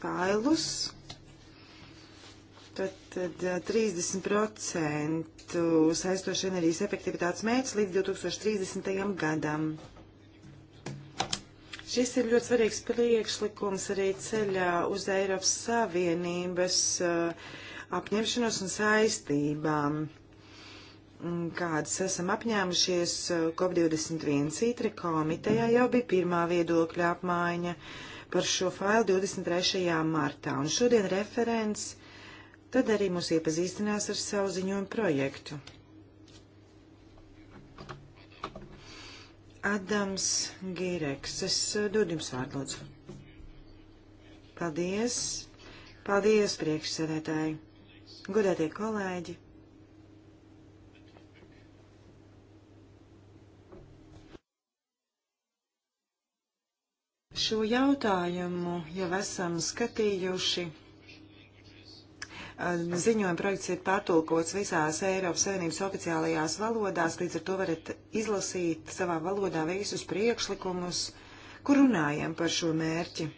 failus, uh, tad, tad 30% uh, saistoši enerģijas efektivitātes mērķis līdz 2030. gadam. Šis ir ļoti svarīgs priekšlikums arī ceļā uz Eiropas Savienības uh, apņemšanos un saistībām, mm, kādas esam apņēmušies COP21 citra komitejā jau bija pirmā viedokļa apmaiņa. Uh, par šo failu 23. martā, un šodien referents tad arī mūs iepazīstinās ar savu ziņojumu projektu. Adams Gīreks, es eh, dodu jums vārdu, lūdzu. Paldies, paldies, priekšsēdētāji, godētie kolēģi. Šo jautājumu jau esam skatījuši. Ziņojuma projekts ir pārtulkots visās Eiropas Savienības oficiālajās valodās, līdz ar to varat izlasīt savā valodā visus priekšlikumus, kur runājam par šo mērķi.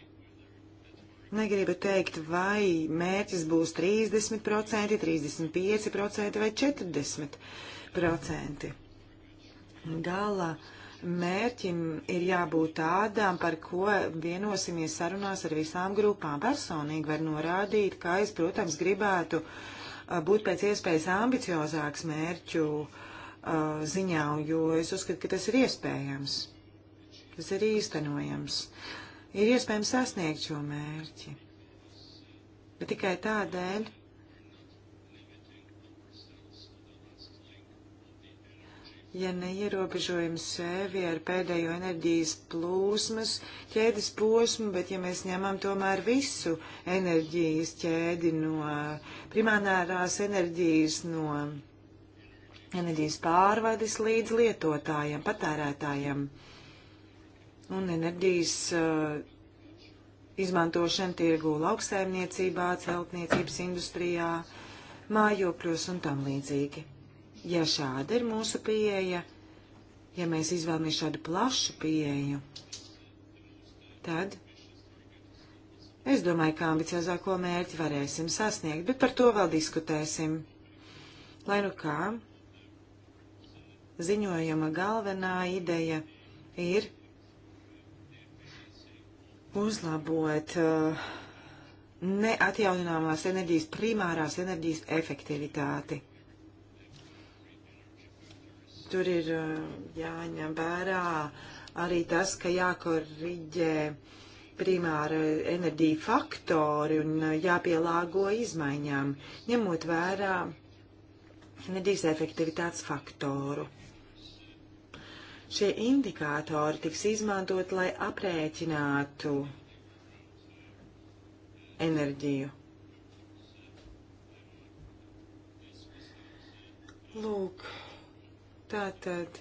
Negribu teikt, vai mērķis būs 30%, 35% vai 40%. Gala uh, mērķim ir jābūt tādām, par ko vienosimies sarunās ar visām grupām. Personīgi var norādīt, ka es, protams, gribētu uh, būt pēc iespējas ambiciozāks mērķu uh, ziņā, jo es uzskatu, ka tas ir iespējams. Tas ir īstenojams. Ir iespējams sasniegt šo mērķi. Bet tikai tādēļ, ja neierobežojam sevi ar pēdējo enerģijas plūsmas ķēdes posmu, bet ja mēs ņemam tomēr visu enerģijas ķēdi no primārās enerģijas, no enerģijas pārvades līdz lietotājiem, patērētājiem un enerģijas uh, izmantošana tirgu lauksaimniecībā, celtniecības industrijā, mājokļos un tam līdzīgi. Ja šāda ir mūsu pieeja, ja mēs izvēlamies šādu plašu pieeju, tad es domāju, kā ambiciozāko mērķi varēsim sasniegt, bet par to vēl diskutēsim. Lai nu kā, ziņojuma galvenā ideja ir uzlabot uh, neatjaunināmās enerģijas primārās enerģijas efektivitāti tur ir eh, jāņem vērā arī tas, ka jākoriģē primāra enerģija faktori un eh, jāpielāgo izmaiņām, ņemot vērā enerģijas efektivitātes faktoru. Šie indikātori tiks izmantot, lai aprēķinātu enerģiju. Lūk. Tātad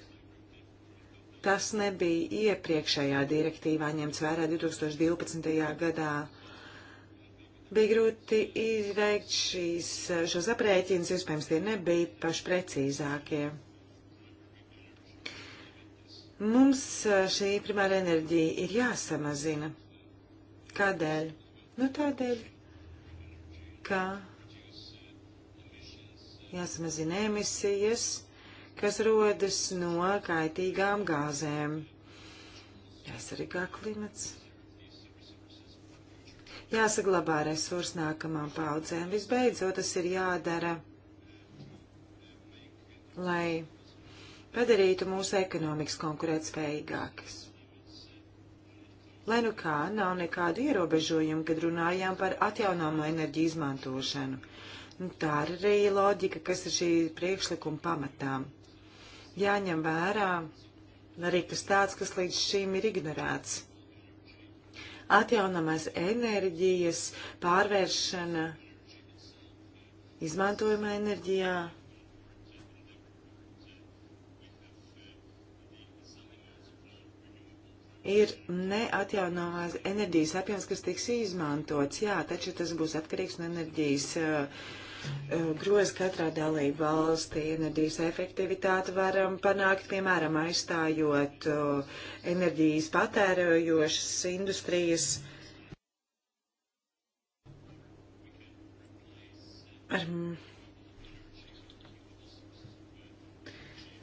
tas nebija iepriekšējā direktīvā ņemts vērā 2012. gadā. Bija grūti izveikt šīs, šos aprēķinus, iespējams, tie nebija paši precīzākie. Mums eh, šī primāra enerģija ir jāsamazina. Kādēļ? Nu tādēļ, ka jāsamazina emisijas, kas rodas no kaitīgām gāzēm. Jāsargā klimats. Jāsaglabā resursi nākamām paudzēm. Visbeidzot, tas ir jādara, lai padarītu mūsu ekonomikas konkurētspējīgākas. Lai nu kā, nav nekādu ierobežojumu, kad runājām par atjaunāmo enerģiju izmantošanu. Un nu, tā ir arī loģika, kas ir šī priekšlikuma pamatām jāņem vērā arī kas tāds, kas līdz šim ir ignorēts. Atjaunamās enerģijas pārvēršana izmantojumā enerģijā. Ir neatjaunamās enerģijas apjoms, kas tiks izmantots, jā, taču tas būs atkarīgs no enerģijas uh, groz katrā dalība valstī enerģijas efektivitāti varam panākt, piemēram, aizstājot enerģijas patērējošas industrijas ar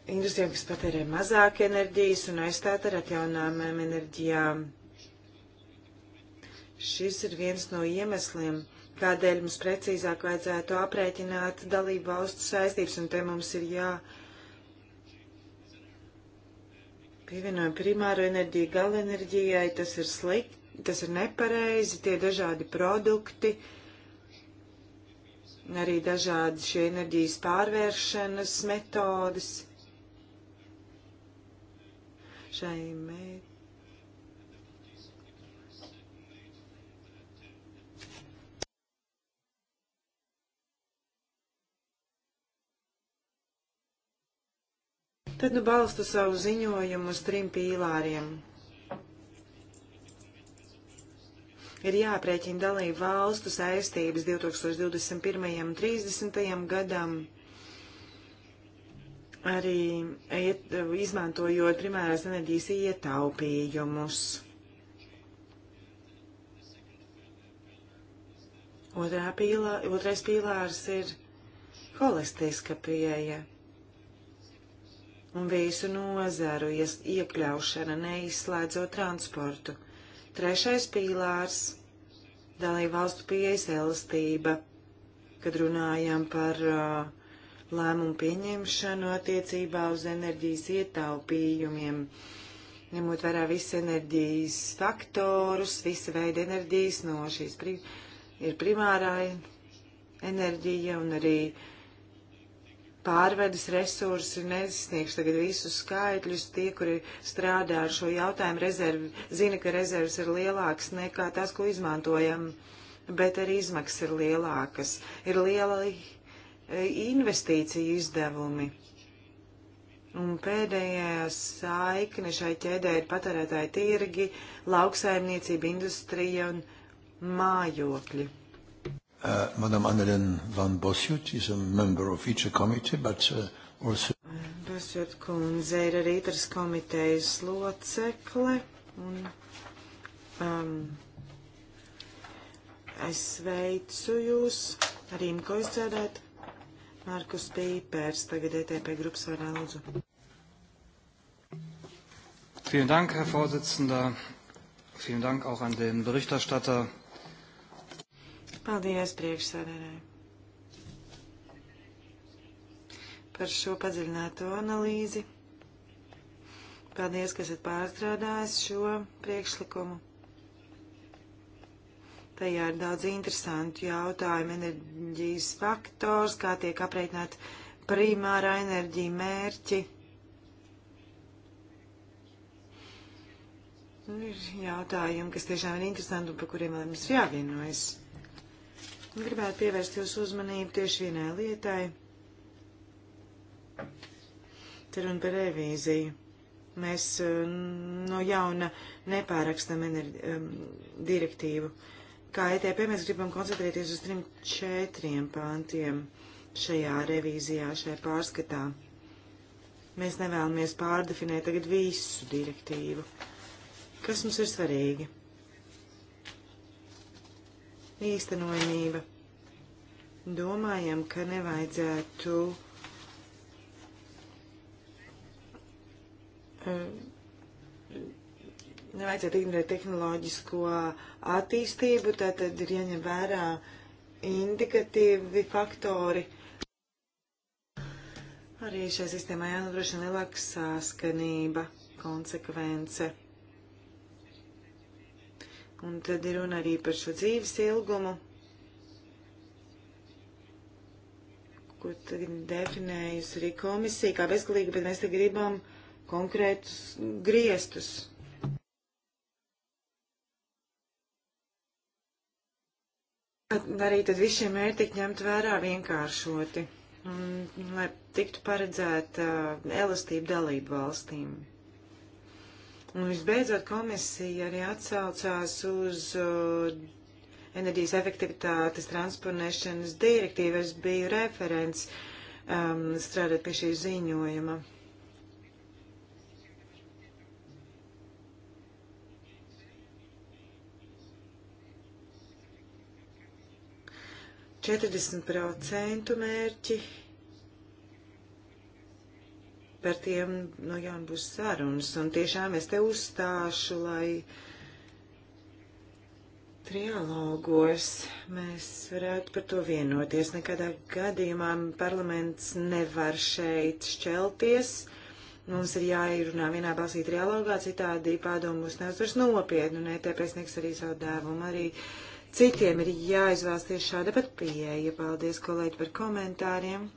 industrijām, kas patērē mazāk enerģijas un aizstāt ar atjaunāmēm enerģijām. Šis ir viens no iemesliem Tādēļ mums precīzāk vajadzētu aprēķināt dalību valstu saistības, un te mums ir jā pievienojam primāro enerģiju galenerģijai, tas ir slikti, tas ir nepareizi, tie dažādi produkti, arī dažādi šie enerģijas pārvēršanas metodas. Šai mērķi. Tad nu balstu savu ziņojumu uz trim pīlāriem. ir jāprēķina dalību valstu saistības 2021. un 30. gadam, arī iet, izmantojot primārās enerģijas ietaupījumus. Otrā pīlā, otrais pīlārs ir holistiska pieeja un visu nozaru iekļaušana, neizslēdzot transportu. Trešais pīlārs - dalība valstu pieejas elastība, kad runājam par uh, lēmumu pieņemšanu attiecībā uz enerģijas ietaupījumiem, ņemot vērā visu enerģijas faktorus, visa veida enerģijas no šīs pri ir primārā enerģija un arī uh, pārvedas resursi, nesniegšu tagad visus skaitļus. Tie, kuri strādā ar šo jautājumu, rezervi, zina, ka rezervas ir lielākas nekā tās, ko izmantojam, bet arī izmaksas ir lielākas. Ir liela e, investīcija izdevumi. Un pēdējā saikne šai ķēdē ir patērētāji tirgi, lauksaimniecība, industrija un mājokļi. Uh, Madam Annelien van Bosjut is a member of each committee, but uh, also... Bosjut kundze ir arī itras komitejas locekle, un um, es sveicu jūs, arī ko jūs dzirdēt. Markus Pīpērs, tagad ETP grupas vārā lūdzu. Vielen Dank, Herr Vorsitzender. Vielen Dank auch an den Berichterstatter Paldies priekšsēdētāji par šo padziļināto analīzi. Paldies, ka esat pārstrādājis šo priekšlikumu. Tajā ir daudz interesantu jautājumu. Enerģijas faktors, kā tiek aprēķināt primāra enerģija mērķi. Nu, ir jautājumi, kas tiešām ir interesanti un par kuriem mums jāvienojas. Gribētu pievērst jūsu uzmanību tieši vienai lietai. Te runa par revīziju. Mēs eh, no jauna nepārakstam energi, um, direktīvu. Kā ETP mēs gribam koncentrēties uz trim četriem pāntiem šajā revīzijā, šajā pārskatā. Mēs nevēlamies pārdefinēt tagad visu direktīvu. Kas mums ir svarīgi? īstenojamība. Domājam, ka nevajadzētu eh, nevajadzētu ignorēt tehnoloģisko attīstību, tātad ir jāņem vērā indikatīvi faktori. Arī šai sistēmai jānodrošina lielāka saskanība, konsekvence. Un tad ir runa arī par šo dzīves ilgumu, ko tagad definējusi arī komisija kā bezgalīga, bet mēs te gribam konkrētus griestus. Arī tad visi šie mērķi tik ņemt vērā vienkāršoti, un, lai tiktu paredzēta uh, elastība dalību valstīm. Un visbeidzot komisija arī atsaucās uz uh, enerģijas efektivitātes transponēšanas direktīvas biju referents um, strādāt pie šī ziņojuma. Četrdesmit procentu mērķi par tiem no jauna būs sarunas. Un tiešām es te uzstāšu, lai trialogos mēs varētu par to vienoties. Nekādā gadījumā parlaments nevar šeit šķelties. Mums ir jāierunā vienā balsī trialogā, citādi padomu mūs neuzvars nopietni, un ETP sniegs arī savu dēvumu. Arī citiem ir jāizvēlas tieši šāda pat pieeja. Paldies, kolēģi, par komentāriem.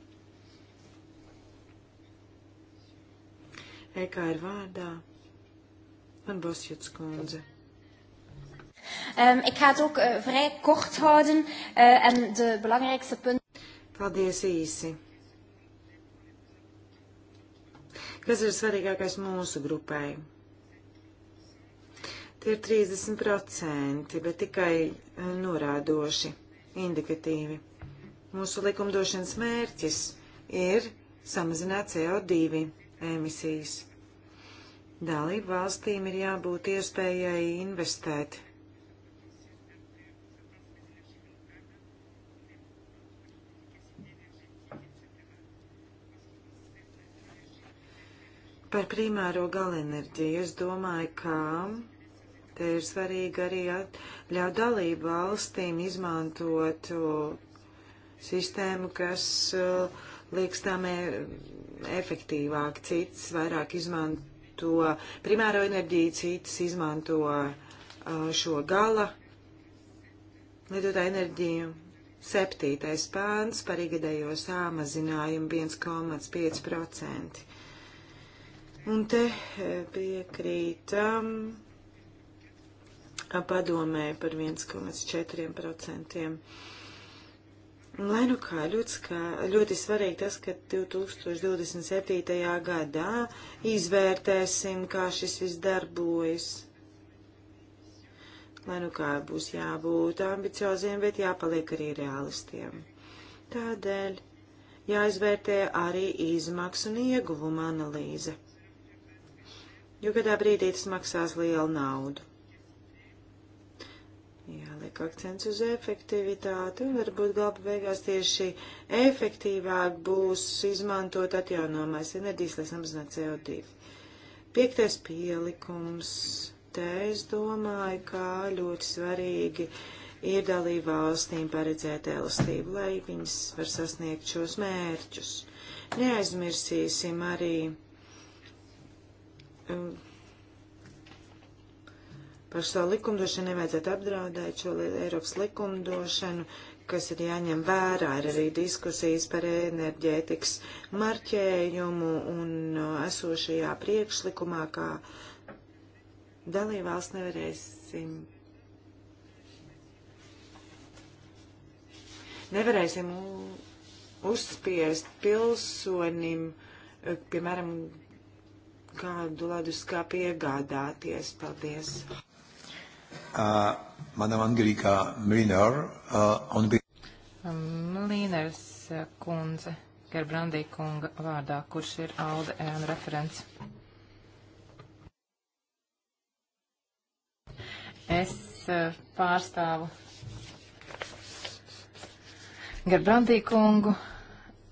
EKR vārdā. Man būs jūtas kundze. Um, ik ga het ook uh, vrij kort houden uh, en de belangrijkste punten. Paldies īsi. Kas ir svarīgākais mūsu grupai? Tie ir 30%, bet tikai eh, norādoši, indikatīvi. Mūsu likumdošanas mērķis ir samazināt CO2 emisijas. Dalību valstīm ir jābūt iespējai investēt. Par primāro galenerģiju es domāju, ka Te ir svarīgi arī ļaut dalību valstīm izmantot sistēmu, kas liekas tām efektīvāk, cits vairāk izmanto primāro enerģiju, cits izmanto uh, šo gala lietotā enerģiju. Septītais pāns par igadējo samazinājumu 1,5%. Un te eh, piekrītam padomē par 1,4%. Lai nu kā ļoti, kā ļoti svarīgi tas, ka 2027. gadā izvērtēsim, kā šis viss darbojas. Lai nu kā būs jābūt ambicioziem, bet jāpaliek arī realistiem. Tādēļ jāizvērtē arī izmaksu un ieguvuma analīze, jo kādā brīdī tas maksās lielu naudu jāliek akcents uz efektivitāti, un varbūt gala beigās tieši efektīvāk būs izmantot atjaunomais enerģijas, lai samazinātu CO2. Piektais pielikums. Te es domāju, kā ļoti svarīgi ir dalību valstīm paredzēt elastību, lai viņas var sasniegt šos mērķus. Neaizmirsīsim arī. Um, par šo likumdošanu nevajadzētu apdraudēt šo Eiropas likumdošanu, kas ir jāņem vērā, ir arī diskusijas par enerģētikas marķējumu un uh, esošajā priekšlikumā, kā dalībvalsts nevarēsim. Nevarēsim uzspiest pilsonim, uh, piemēram, kādu ledus kā piegādāties. Paldies! uh, Madam Angelika Mliner uh, on behalf. Um, Mlīners uh, kundze, Gerbrandī kunga vārdā, kurš ir Alde ēnu referents. Es uh, pārstāvu Gerbrandī kungu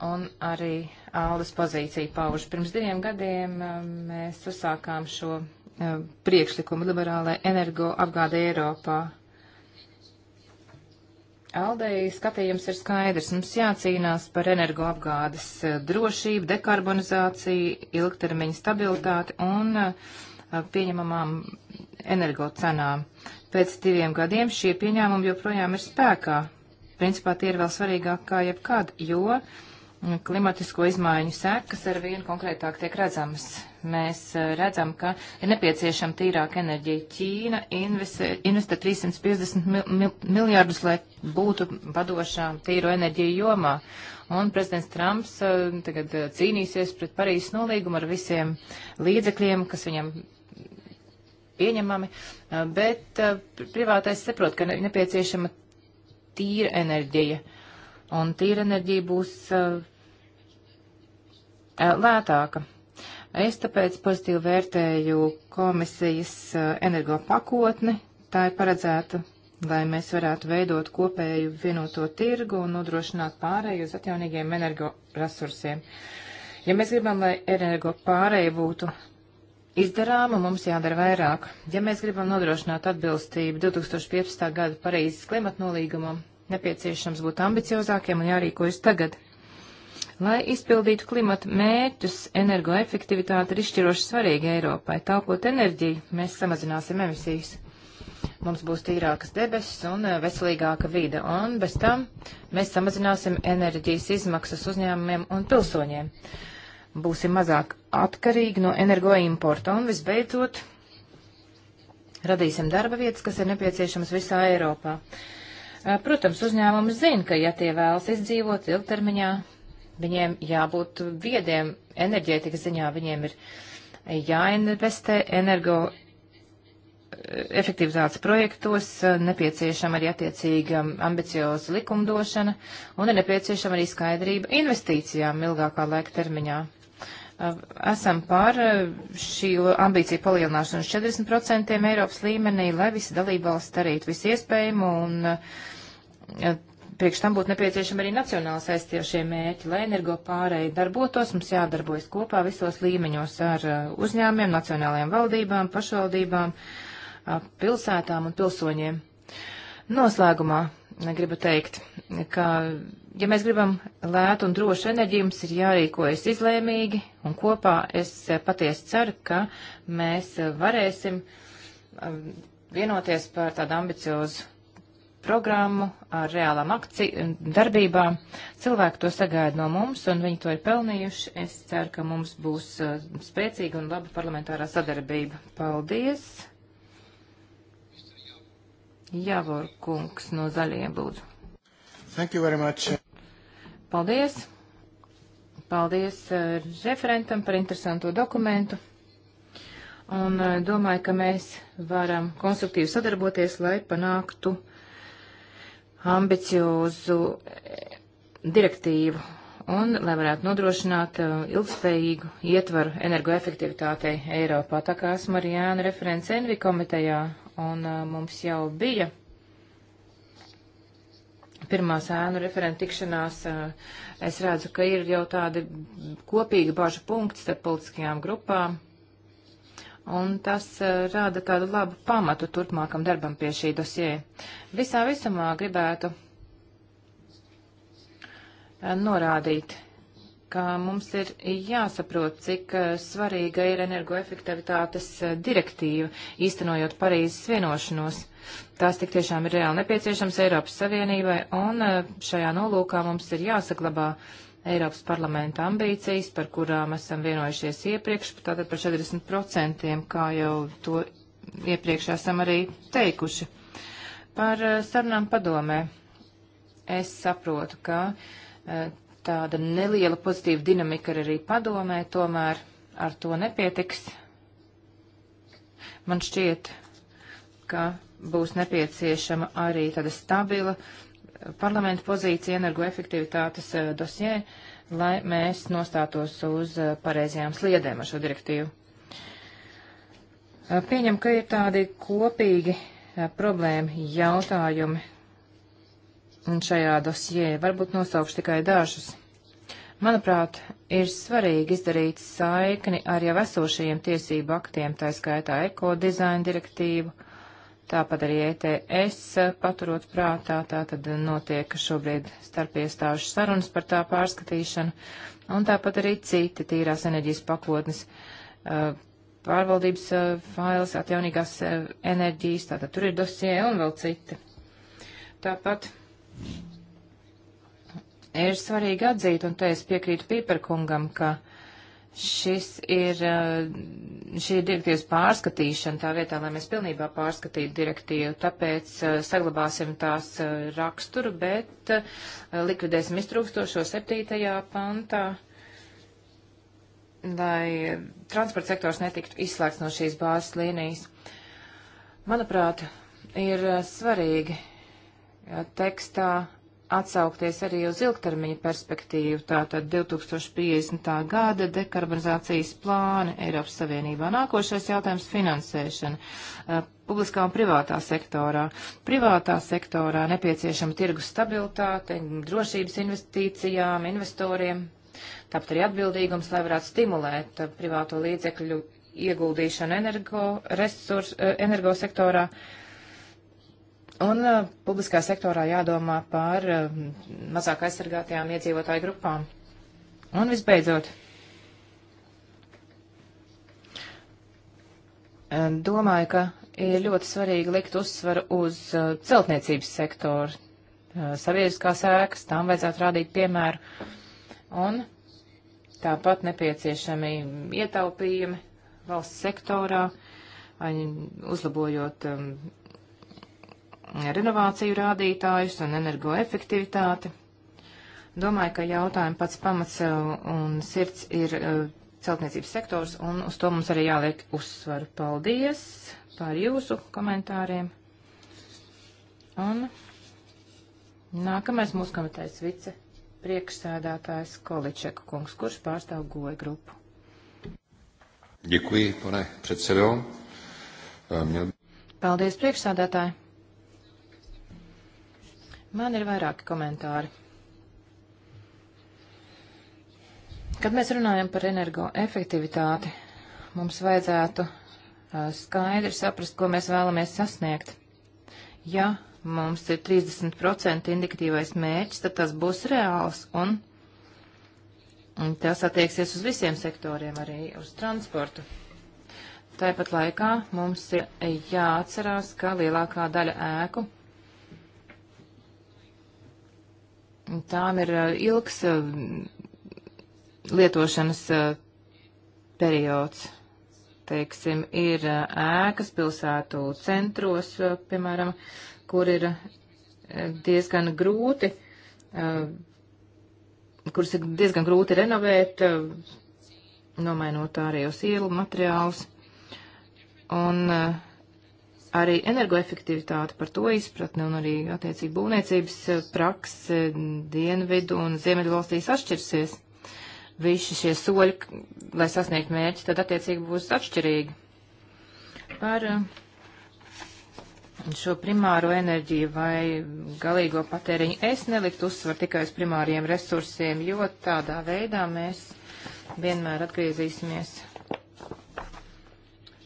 un arī Aldas pozīciju paužu. Pirms diviem gadiem uh, mēs uzsākām šo E, priekšlikumu liberālai energoapgāde Eiropā. Aldei skatījums ir skaidrs. Mums jācīnās par energoapgādes e, drošību, dekarbonizāciju, ilgtermiņa stabilitāti un e, pieņemamām energocenām. Pēc diviem gadiem šie pieņēmumi joprojām ir spēkā. Principā tie ir vēl svarīgāk kā jebkad, jo klimatisko izmaiņu sekas ar vienu konkrētāk tiek redzamas mēs eh, redzam, ka ir nepieciešama tīrāka enerģija. Ķīna investē 350 mil, mil, miljardus, lai būtu vadošām tīro enerģiju jomā. Un prezidents Trumps eh, tagad eh, cīnīsies pret Parīzes nolīgumu ar visiem līdzekļiem, kas viņam pieņemami, bet privātais saprot, ka nepieciešama tīra enerģija. Un tīra enerģija būs lētāka. Es tāpēc pozitīvi vērtēju komisijas uh, energo pakotni. Tā ir paredzēta, lai mēs varētu veidot kopēju vienoto tirgu un nodrošināt pārēju uz atjaunīgiem energoresursiem. Ja mēs gribam, lai energo pārēja būtu izdarāma, mums jādara vairāk. Ja mēs gribam nodrošināt atbilstību 2015. gada Parīzes klimatnolīgumam, nepieciešams būt ambiciozākiem un jārīkojas tagad. Lai izpildītu klimata mērķus, energoefektivitāte ir izšķiroši svarīga Eiropai. Taupot enerģiju, mēs samazināsim emisijas. Mums būs tīrākas debesis un eh, veselīgāka vide, un bez tam mēs samazināsim enerģijas izmaksas uzņēmumiem un pilsoņiem. Būsim mazāk atkarīgi no energoimporta, un visbeidzot, radīsim darba vietas, kas ir nepieciešamas visā Eiropā. Eh, protams, uzņēmums zina, ka, ja tie vēlas izdzīvot ilgtermiņā, Viņiem jābūt viediem enerģētikas ziņā, viņiem ir jāinvestē energo efektivitātes projektos, nepieciešama arī attiecīga ambicioza likumdošana un ir nepieciešama arī skaidrība investīcijām ilgākā laika termiņā. Esam par šī ambīcija palielināšanu 40% Eiropas līmenī, lai visi dalībvalsts darītu visu iespējamo un priekš tam būtu nepieciešama arī nacionāli saistījošie mērķi, lai energo pārēji darbotos, mums jādarbojas kopā visos līmeņos ar uh, uzņēmiem, nacionālajām valdībām, pašvaldībām, uh, pilsētām un pilsoņiem. Noslēgumā gribu teikt, ka, ja mēs gribam lētu un drošu enerģiju, mums ir jārīkojas izlēmīgi, un kopā es uh, patiesi ceru, ka mēs varēsim vienoties par tādu ambiciozu programmu ar reālām darbībām. Cilvēki to sagaida no mums, un viņi to ir pelnījuši. Es ceru, ka mums būs uh, spēcīga un laba parlamentārā sadarbība. Paldies! Javor kungs no Zaļiem, lūdzu. Thank you very much. Paldies! Paldies uh, referentam par interesanto dokumentu un uh, domāju, ka mēs varam konstruktīvi sadarboties, lai panāktu ambiciozu eh, direktīvu un lai varētu nodrošināt eh, ilgspējīgu ietvaru energoefektivitātei Eiropā. Tā kā esmu arī Jāna referents Envi komitejā un eh, mums jau bija pirmā sēnu referenta tikšanās, es redzu, ka ir jau tādi kopīgi bažu punkti starp politiskajām grupām un tas eh, rāda tādu labu pamatu turpmākam darbam pie šī dosie. Visā visumā gribētu eh, norādīt, ka mums ir jāsaprot, cik eh, svarīga ir energoefektivitātes direktīva, īstenojot Parīzes vienošanos. Tās tik tiešām ir reāli nepieciešams Eiropas Savienībai, un šajā nolūkā mums ir jāsaglabā uh, Eiropas parlamenta ambīcijas, par kurām esam vienojušies iepriekš, tātad par 40%, kā jau to iepriekš esam arī teikuši. Par eh, sarunām padomē. Es saprotu, ka eh, tāda neliela pozitīva dinamika ir arī padomē, tomēr ar to nepietiks. Man šķiet, ka būs nepieciešama arī tāda stabila uh, parlamenta pozīcija energoefektivitātes eh, dosjē, lai mēs nostātos uz eh, pareizajām sliedēm ar šo direktīvu. Eh, pieņem, ka ir tādi kopīgi problēma jautājumi šajā dosjē. Varbūt nosaukšu tikai dažus. Manuprāt, ir svarīgi izdarīt saikni ar jau esošajiem tiesību aktiem, tā skaitā ekodizaina direktīvu Tāpat arī ETS paturot prātā, tā tad notiek šobrīd starp iestāžu sarunas par tā pārskatīšanu, un tāpat arī citi tīrās enerģijas pakotnes uh, pārvaldības uh, fails, atjaunīgās uh, enerģijas, tātad tur ir dosie un vēl citi. Tāpat ir svarīgi atzīt, un te es piekrītu Pīperkungam, ka šis ir šī ir direktīvas pārskatīšana tā vietā, lai mēs pilnībā pārskatītu direktīvu, tāpēc uh, saglabāsim tās uh, raksturu, bet uh, likvidēsim iztrūkstošo septītajā pantā, lai transporta sektors netiktu izslēgts no šīs bāzes līnijas. Manuprāt, ir svarīgi tekstā atsaukties arī uz ilgtermiņa perspektīvu, tātad 2050. gada dekarbonizācijas plāni Eiropas Savienībā. Nākošais jautājums - finansēšana publiskā un privātā sektorā. Privātā sektorā nepieciešama tirgus stabilitāte, drošības investīcijām, investoriem, tāpat arī atbildīgums, lai varētu stimulēt privāto līdzekļu ieguldīšanu energo, resurs, energosektorā. sektorā Un uh, publiskā sektorā jādomā par uh, mazāk aizsargātajām iedzīvotāju grupām. Un visbeidzot, uh, domāju, ka ir ļoti svarīgi likt uzsvaru uz uh, celtniecības sektoru. Uh, Sabiedriskās ēkas, tām vajadzētu rādīt piemēru. Un tāpat nepieciešami ietaupījumi valsts sektorā, uzlabojot um, renovāciju rādītājus un energoefektivitāti. Domāju, ka jautājumi pats pamats eh, un sirds ir eh, celtniecības sektors, un uz to mums arī jāliek uzsvaru. Paldies par jūsu komentāriem. Un nākamais mūsu komitejas vice priekšsēdētājs Količeka kungs, kurš pārstāv goja grupu. Děkuji, pane předsedo. Ehm, měl... Paldies, priekšsādātāji. Man ir vairāki komentāri. Kad mēs runājam par energoefektivitāti, mums vajadzētu skaidri saprast, ko mēs vēlamies sasniegt. Ja mums ir 30% indikatīvais mērķis, tad tas būs reāls un, un tas attieksies uz visiem sektoriem, arī uz transportu. Tāpat laikā mums ir jāatcerās, ka lielākā daļa ēku Tām ir ilgs lietošanas periods. Teiksim, ir ēkas pilsētu centros, piemēram, kur ir diezgan grūti, kuras ir diezgan grūti renovēt, nomainot arī uz ielu materiālus. Un uh, arī energoefektivitāte, par to izpratni un arī attiecīgi būvniecības eh, prakse eh, dienvidu un ziemeļu valstīs atšķirsies. Visi šie soļi, lai sasniegtu mērķi, tad attiecīgi būs atšķirīgi. Par eh, šo primāro enerģiju vai galīgo patēriņu es neliktu uzsvar tikai uz primāriem resursiem, jo tādā veidā mēs vienmēr atgriezīsimies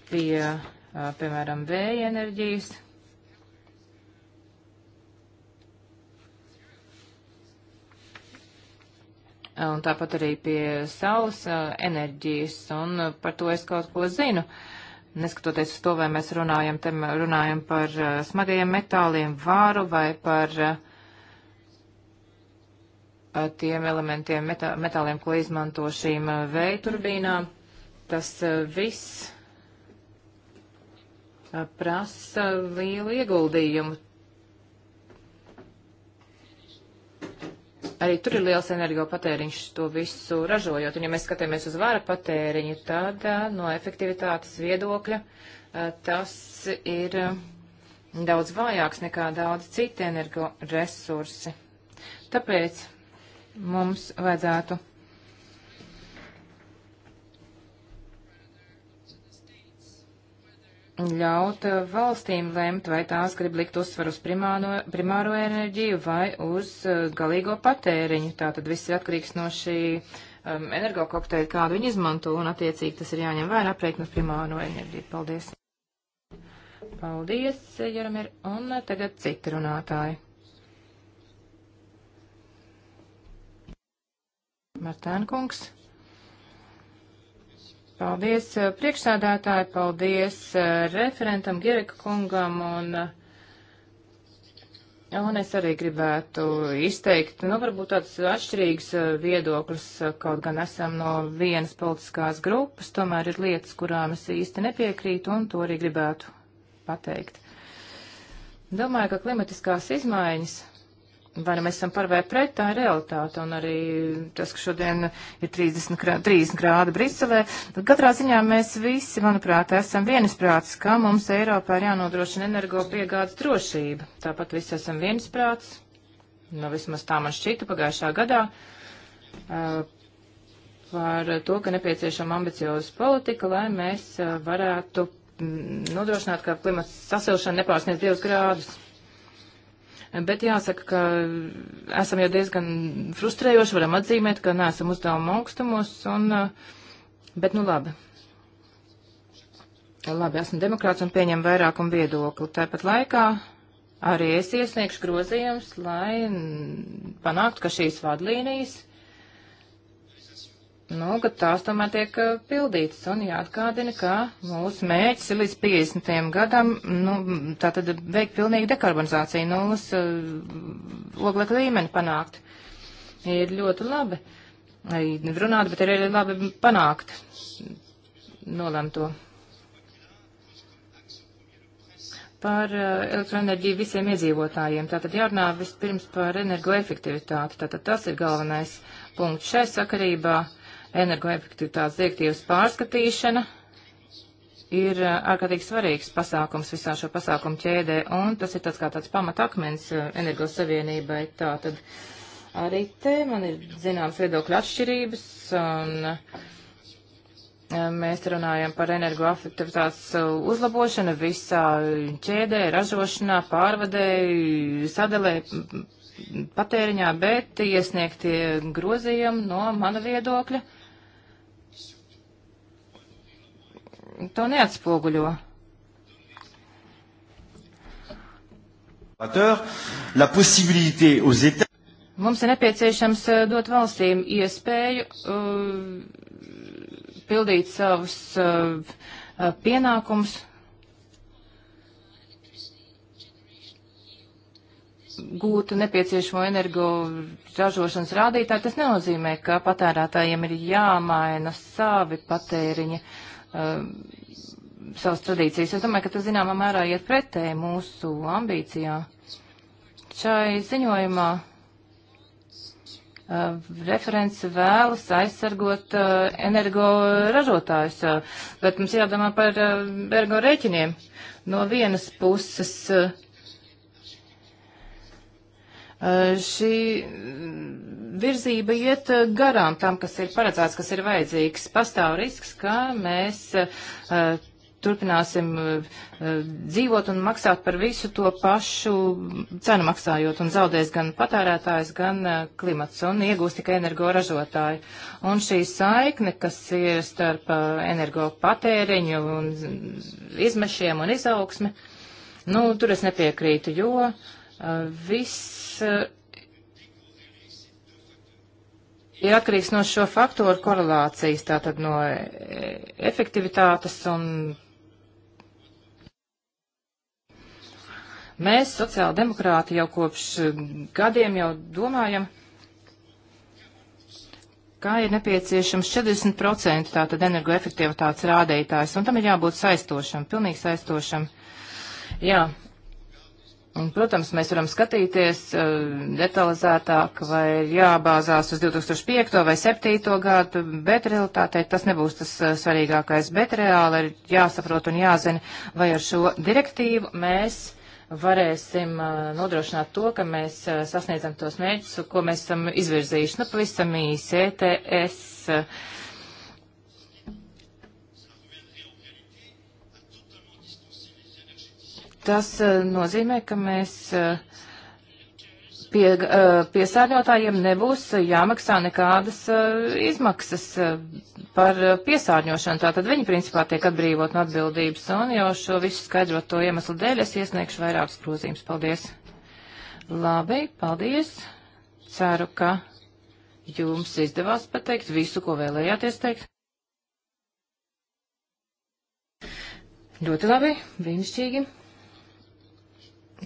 pie piemēram, vēja enerģijas. Un tāpat arī pie saules enerģijas, un par to es kaut ko zinu. Neskatoties uz to, vai mēs runājam, te, runājam par smagajiem metāliem, vāru vai par tiem elementiem, metā, metāliem, ko izmanto šīm vēja turbīnām, tas viss prasa lielu ieguldījumu. Arī tur ir liels energopatēriņš to visu ražojot, un ja mēs skatāmies uz vāra patēriņu, tad no efektivitātes viedokļa tas ir daudz vājāks nekā daudz citi energoresursi. Tāpēc mums vajadzētu ļaut eh, valstīm lemt, vai tās grib likt uzsvaru uz primāno, primāro enerģiju vai uz eh, galīgo patēriņu. Tātad viss ir atkarīgs no šī um, energokokteļa, kādu viņi izmanto, un attiecīgi tas ir jāņem vērā aprēķinot primāro enerģiju. Paldies! Paldies, Jaramir, un eh, tagad citi runātāji. Martēnkungs. kungs. Paldies uh, priekšsādātāji, paldies uh, referentam Gerika kungam un, uh, un es arī gribētu izteikt, nu varbūt tāds atšķirīgs viedoklis, kaut gan esam no vienas politiskās grupas, tomēr ir lietas, kurām es īsti nepiekrītu un to arī gribētu pateikt. Domāju, ka klimatiskās izmaiņas vai nu mēs esam par vai pret, tā ir realitāte. Un arī tas, ka šodien ir 30, grā, 30 grādi Briselē. Katrā ziņā mēs visi, manuprāt, esam vienisprātis, ka mums Eiropā ir jānodrošina energo piegādes drošība. Tāpat visi esam vienisprātis. Nu, vismaz tā man šķita pagājušā gadā. Uh, par to, ka nepieciešama ambicioza politika, lai mēs uh, varētu mm, nodrošināt, ka klimats sasilšana nepārsniedz 2 grādus bet jāsaka, ka esam jau diezgan frustrējoši, varam atzīmēt, ka neesam uzdevuma augstumos, un, eh, bet nu labi. Labi, esmu demokrāts un pieņem vairākumu viedokli. Tāpat laikā arī es iesniegšu grozījums, lai panāktu, ka šīs vadlīnijas nu, ka tās tomēr tiek uh, pildītas un jāatgādina, ka mūsu mērķis ir līdz 50. gadam, nu, tā tad veikt pilnīgi dekarbonizāciju, nulles uh, oglekļa līmeni panākt. Ir ļoti labi arī runāt, bet ir arī labi panākt nolemto. Par uh, elektroenerģiju visiem iedzīvotājiem. Tātad jārunā vispirms par energoefektivitāti. Tātad tas ir galvenais punkts šai sakarībā. Uh, energoefektivitātes direktīvas pārskatīšana ir uh, ārkārtīgi svarīgs pasākums visā šo pasākumu ķēdē, un tas ir tāds kā tāds pamatakmens uh, energos savienībai. Tātad arī te man ir zināms viedokļu atšķirības, un uh, mēs runājam par energoefektivitātes uzlabošanu visā ķēdē, ražošanā, pārvadē, sadalē, patēriņā, bet iesniegtie grozījumi no mana viedokļa to neatspoguļo. Mums ir nepieciešams eh, dot valstīm iespēju uh, pildīt savus uh, pienākumus, gūtu nepieciešamo energo ražošanas rādītāju. Tas nenozīmē, ka patērētājiem ir jāmaina savi patēriņa uh, Uh, savas tradīcijas. Es domāju, ka tas zināmā mērā iet pretēji mūsu ambīcijā. Šai ziņojumā Uh, referents vēlas aizsargot uh, energoražotājus, uh, bet mums jādomā par uh, energo rēķiniem. No vienas puses uh, šī virzība iet eh, garām tam, kas ir paredzēts, kas ir vajadzīgs. Pastāv risks, ka mēs uh, turpināsim uh, dzīvot un maksāt par visu to pašu cenu maksājot un zaudēs gan patērētājs, gan uh, klimats un iegūs tikai energoražotāji. Un šī saikne, kas ir starp uh, energo patēriņu un izmešiem un izaugsmi, nu, tur es nepiekrītu, jo viss ir atkarīgs no šo faktoru korelācijas, tātad no e, efektivitātes un. Mēs, sociāla demokrāti, jau kopš gadiem jau domājam, kā ir nepieciešams 40% tātad energoefektivitātes rādītājs, un tam ir jābūt saistošam, pilnīgi saistošam. Jā, Un, protams, mēs varam skatīties uh, detalizētāk, vai ir jābāzās uz 2005. vai 2007. gadu, bet realitātei tas nebūs tas uh, svarīgākais, bet reāli ir jāsaprot un jāzina, vai ar šo direktīvu mēs varēsim uh, nodrošināt to, ka mēs sasniedzam tos mērķus, ko mēs esam izvirzījuši. Nu, pavisam īsi ETS Tas eh, nozīmē, ka mēs eh, pie, eh, piesārņotājiem nebūs jāmaksā nekādas izmaksas par piesārņošanu. Tātad viņi principā tiek atbrīvot no atbildības. Un jau šo visu skaidrot to iemeslu dēļ es iesniegšu vairākus grozījumus. Paldies! Labi, paldies! Ceru, ka jums izdevās pateikt visu, ko vēlējāties teikt. Ļoti labi, brīnišķīgi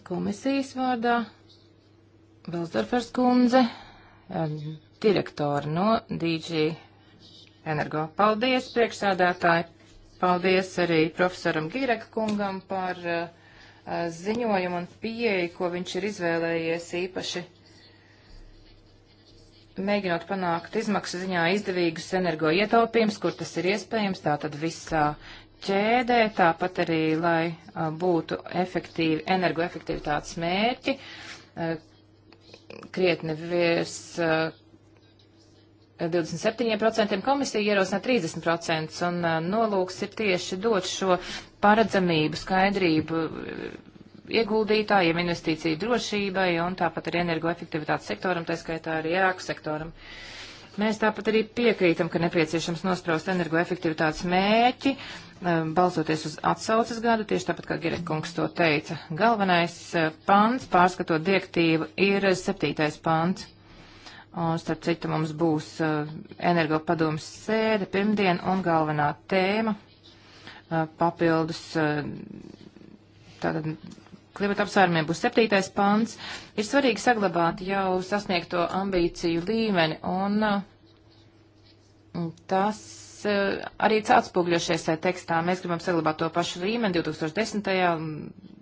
komisijas vārdā Velsdorfers kundze, direktori no DG Energo. Paldies, priekšsādātāji! Paldies arī profesoram Gīreka kungam par uh, ziņojumu un pieeju, ko viņš ir izvēlējies īpaši mēģinot panākt izmaksu ziņā izdevīgus energo ietaupījums, kur tas ir iespējams, tātad visā ķēdē, tāpat arī, lai būtu efektīvi energoefektivitātes mērķi, krietni virs 27% komisija ierosina 30%, un nolūks ir tieši dot šo paredzamību, skaidrību ieguldītājiem, investīciju drošībai un tāpat arī energoefektivitātes sektoram, tā skaitā arī ēku sektoram. Uh, Mēs tāpat arī piekrītam, ka nepieciešams nospraust energoefektivitātes mēķi, um, balsoties uz atsaucas gadu, tieši tāpat kā Girekungs to teica. Galvenais uh, pants, pārskatot direktīvu, ir septītais pants. Un, starp citu, mums būs uh, energopadomas sēde pirmdien un galvenā tēma uh, papildus tātad klimata apsvērumiem būs septītais pants, ir svarīgi saglabāt jau sasniegto ambīciju līmeni, un uh, tas uh, arī atspūgļošies uh, tekstā. Mēs gribam saglabāt to pašu līmeni 2010. Mm,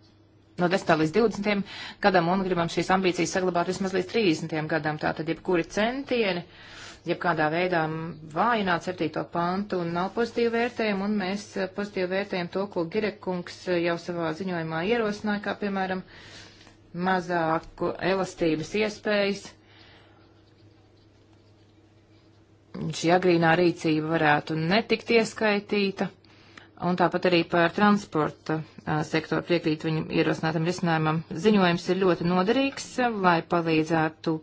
no 10. līdz 20. gadam, un gribam šīs ambīcijas saglabāt vismaz līdz 30. gadam, tātad jebkuri centieni. Uh, jeb kādā veidā vājināt 7. pantu un nav pozitīvi vērtējumi, un mēs eh, pozitīvi vērtējam to, ko Girekungs eh, jau savā ziņojumā ierosināja, kā piemēram mazāku elastības iespējas. Šī agrīnā rīcība varētu netikt ieskaitīta, un tāpat arī par transporta eh, sektoru piekrīt viņu ierosinātam risinājumam. Ziņojums ir ļoti noderīgs, lai palīdzētu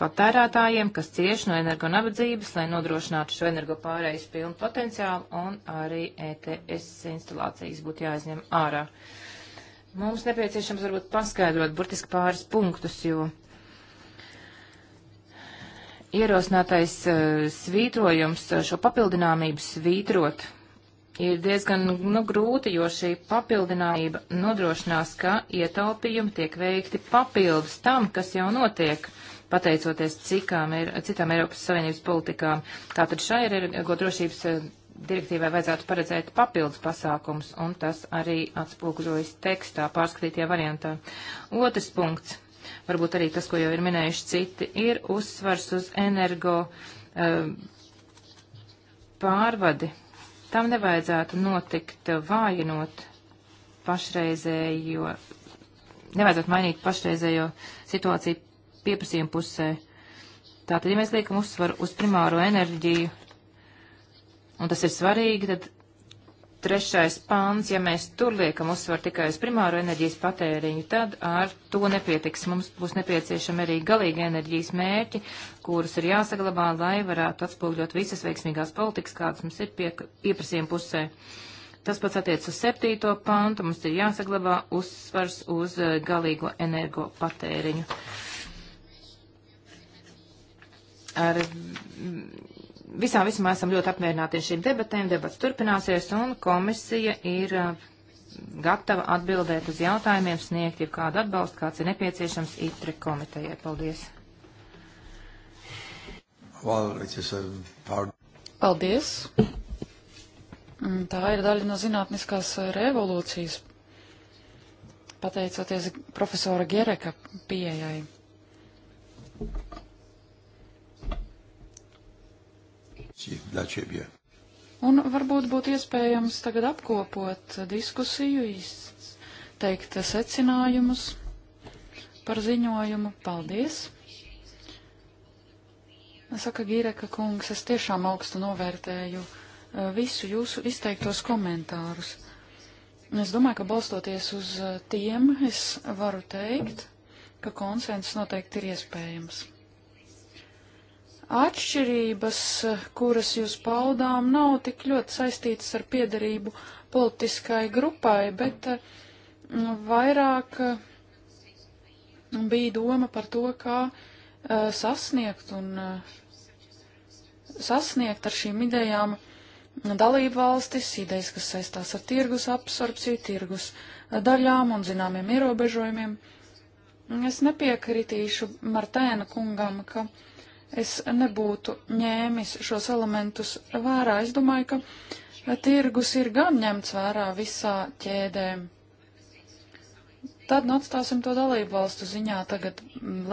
patērētājiem, kas cieš no energonabadzības, lai nodrošinātu šo energo pārējais pilnu potenciālu, un arī ETS instalācijas būtu jāizņem ārā. Mums nepieciešams varbūt paskaidrot burtiski pāris punktus, jo ierosinātais uh, svītrojums, eh, šo papildināmību svītrot, ir diezgan nu, grūti, jo šī papildināmība nodrošinās, ka ietaupījumi tiek veikti papildus tam, kas jau notiek. Uh, pateicoties cikām, ir, citām Eiropas Savienības politikām. Tātad šai energo drošības eh, direktīvai vajadzētu paredzēt papildus pasākums, un tas arī atspūgļojas tekstā pārskatītajā variantā. Otrs punkts, varbūt arī tas, ko jau ir minējuši citi, ir uzsvars uz energo uh, pārvadi. Tam nevajadzētu notikt vājinot pašreizējo, nevajadzētu mainīt pašreizējo situāciju pieprasījuma pusē. Tātad, ja mēs liekam uzsvaru uz primāro enerģiju, un tas ir svarīgi, tad trešais pāns, ja mēs tur liekam uzsvaru tikai uz primāro enerģijas patēriņu, tad ar to nepietiks. Mums būs nepieciešama arī galīga enerģijas mērķi, kurus ir jāsaglabā, lai varētu atspūgļot visas veiksmīgās politikas, kādas mums ir pie, pieprasījuma pusē. Tas pats attiec uz septīto pantu, mums ir jāsaglabā uzsvars uz eh, galīgo energo patēriņu ar visām vismā esam ļoti apmierināti ar šīm debatēm, debats turpināsies un komisija ir gatava atbildēt uz jautājumiem, sniegt jau kādu atbalstu, kāds ir nepieciešams ITRE komitejai. Paldies! Well, Paldies! Tā ir daļa no zinātniskās revolūcijas, pateicoties profesora Gereka pieejai. ci dla ciebie. Un varbūt būtu iespējams tagad apkopot diskusiju, izteikt secinājumus par ziņojumu. Paldies! Saka Gīreka kungs, es tiešām augstu novērtēju eh, visu jūsu izteiktos komentārus. Es domāju, ka balstoties uz eh, tiem, es varu teikt, ka konsensus noteikti ir iespējams atšķirības, kuras jūs paudām, nav tik ļoti saistītas ar piedarību politiskai grupai, bet mm, vairāk mm, bija doma par to, kā eh, sasniegt un eh, sasniegt ar šīm idejām dalību valstis, idejas, kas saistās ar tirgus absorpciju, tirgus daļām un zināmiem ierobežojumiem. Es nepiekritīšu Martēna kungam, ka uh, es nebūtu ņēmis šos elementus vērā. Es domāju, ka eh, tirgus ir gan ņemts vērā visā ķēdē. Tad nu atstāsim to dalību valstu ziņā tagad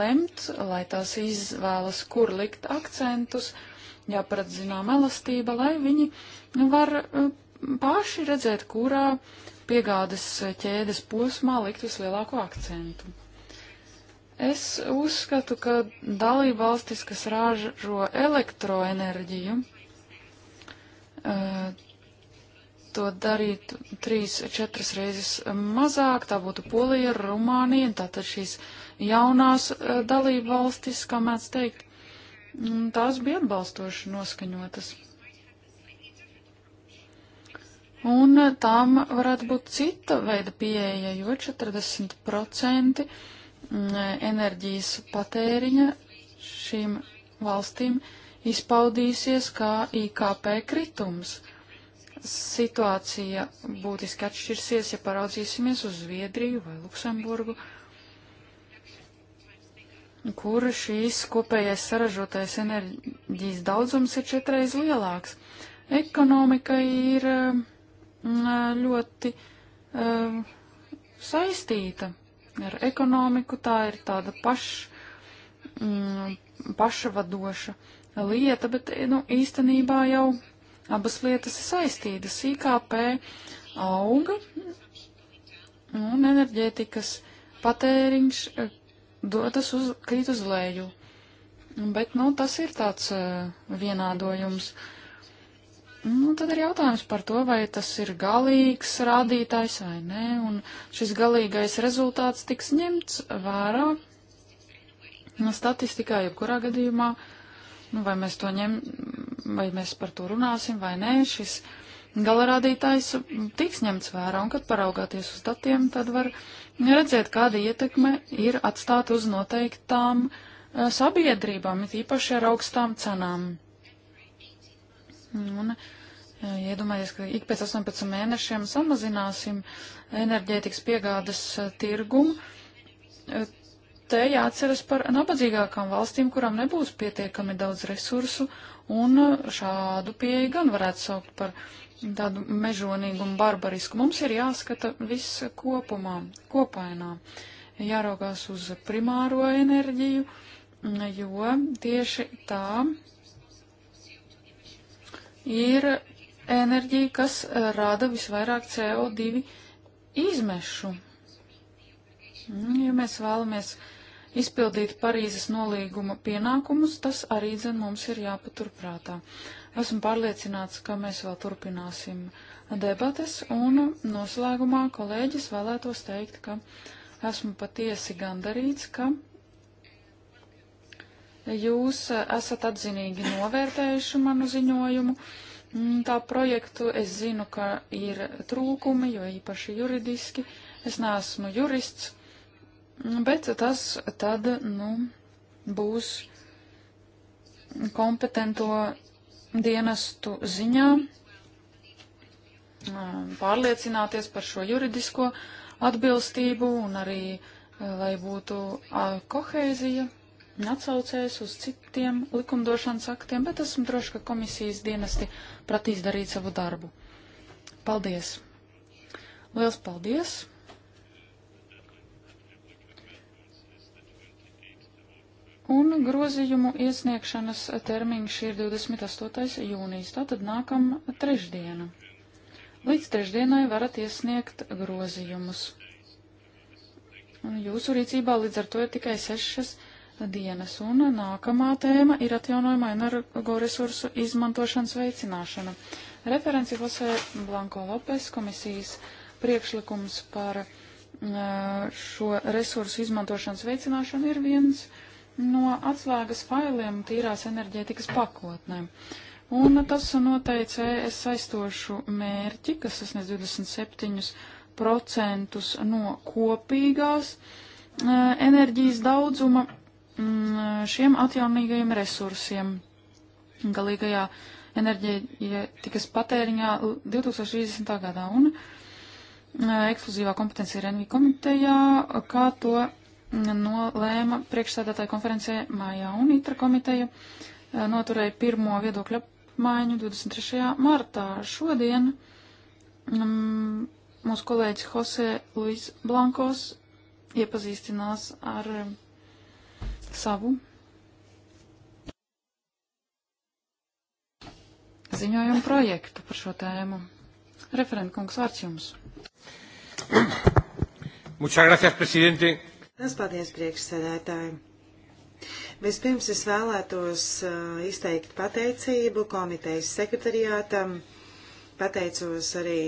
lemt, lai tās izvēlas, kur likt akcentus, jāparad zinām elastība, lai viņi var eh, paši redzēt, kurā piegādes eh, ķēdes posmā likt vislielāko akcentu. Es uzskatu, ka dalība valstis, kas ražo elektroenerģiju, eh, to darītu trīs, četras reizes mazāk, tā būtu Polija, Rumānija, tātad šīs jaunās eh, dalība valstis, kā mēdz teikt, mm, tās bija atbalstoši noskaņotas. Un eh, tām varētu būt cita veida pieeja, jo 40% enerģijas patēriņa šīm valstīm izpaudīsies kā IKP kritums. Situācija būtiski atšķirsies, ja paraudzīsimies uz Zviedriju vai Luksemburgu, kur šīs kopējais saražotais enerģijas daudzums ir četreiz lielāks. Ekonomika ir mm, ļoti uh, saistīta ar ekonomiku, tā ir tāda paš, mm, pašavadoša lieta, bet nu, īstenībā jau abas lietas ir saistītas. IKP auga un enerģētikas patēriņš eh, dotas uz, krīt uz leju. Bet, nu, tas ir tāds eh, vienādojums. Uh, Nu, tad ir jautājums par to, vai tas ir galīgs rādītājs vai nē, un šis galīgais rezultāts tiks ņemts vērā nu, statistikā, jebkurā gadījumā, nu, vai mēs to ņem, vai mēs par to runāsim vai nē, šis galarādītājs tiks ņemts vērā, un kad paraugāties uz datiem, tad var redzēt, kāda ietekme ir atstāta uz noteiktām eh, sabiedrībām, it īpaši ar augstām cenām. Un e, iedomājies, ka ik pēc 18 mēnešiem samazināsim enerģētikas piegādes e, tirgumu. E, te jāatceras par nabadzīgākām valstīm, kurām nebūs pietiekami daudz resursu, un šādu pieeju gan varētu saukt par tādu mežonīgu un barbarisku. Mums ir jāskata viss kopumā, kopainā. Jāraugās uz primāro enerģiju, jo tieši tā ir enerģija, kas eh, rada visvairāk CO2 izmešu. Mm, ja mēs vēlamies izpildīt Parīzes nolīguma pienākumus, tas arī dzen mums ir jāpaturprātā. Esmu pārliecināts, ka mēs vēl turpināsim debates, un noslēgumā kolēģis vēlētos teikt, ka esmu patiesi gandarīts, ka Jūs e, esat atzinīgi novērtējuši manu ziņojumu. Mm, tā projektu es zinu, ka ir trūkumi, jo īpaši juridiski. Es neesmu jurists, mm, bet tas tad, nu, būs kompetento dienestu ziņā mm, pārliecināties par šo juridisko atbilstību un arī, e, lai būtu kohēzija atsaucēs uz citiem likumdošanas aktiem, bet esmu droši, ka komisijas dienesti pratīs darīt savu darbu. Paldies! Liels paldies! Un grozījumu iesniegšanas termiņš ir 28. jūnijas, tātad nākam trešdiena. Līdz trešdienai varat iesniegt grozījumus. Jūsu rīcībā līdz ar to ir tikai sešas dienas. Un nākamā tēma ir atjaunojumā energoresursu izmantošanas veicināšana. Referenci Jose Blanko Lopes komisijas priekšlikums par uh, šo resursu izmantošanas veicināšanu ir viens no atslēgas failiem tīrās enerģētikas pakotnēm. Un tas noteica es saistošu mērķi, kas sasniedz 27% no kopīgās uh, enerģijas daudzuma Mm, šiem atjaunīgajiem resursiem. Galīgajā enerģētikas patēriņā 2030. gadā un mm, ekskluzīvā kompetence ir NV komitejā, kā to mm, nolēma priekšsēdētāja konferencē mājā un itra komiteja noturēja pirmo viedokļa apmaiņu 23. martā. Šodien um, mūsu kolēģis Jose Luis Blankos iepazīstinās ar savu ziņojumu projektu par šo tēmu. Referentkungs, vārds jums. Muchas gracias, presidente. Tas paldies, priekšsēdētāji. Vispirms es vēlētos uh, izteikt pateicību komitejas sekretariātam, pateicos arī,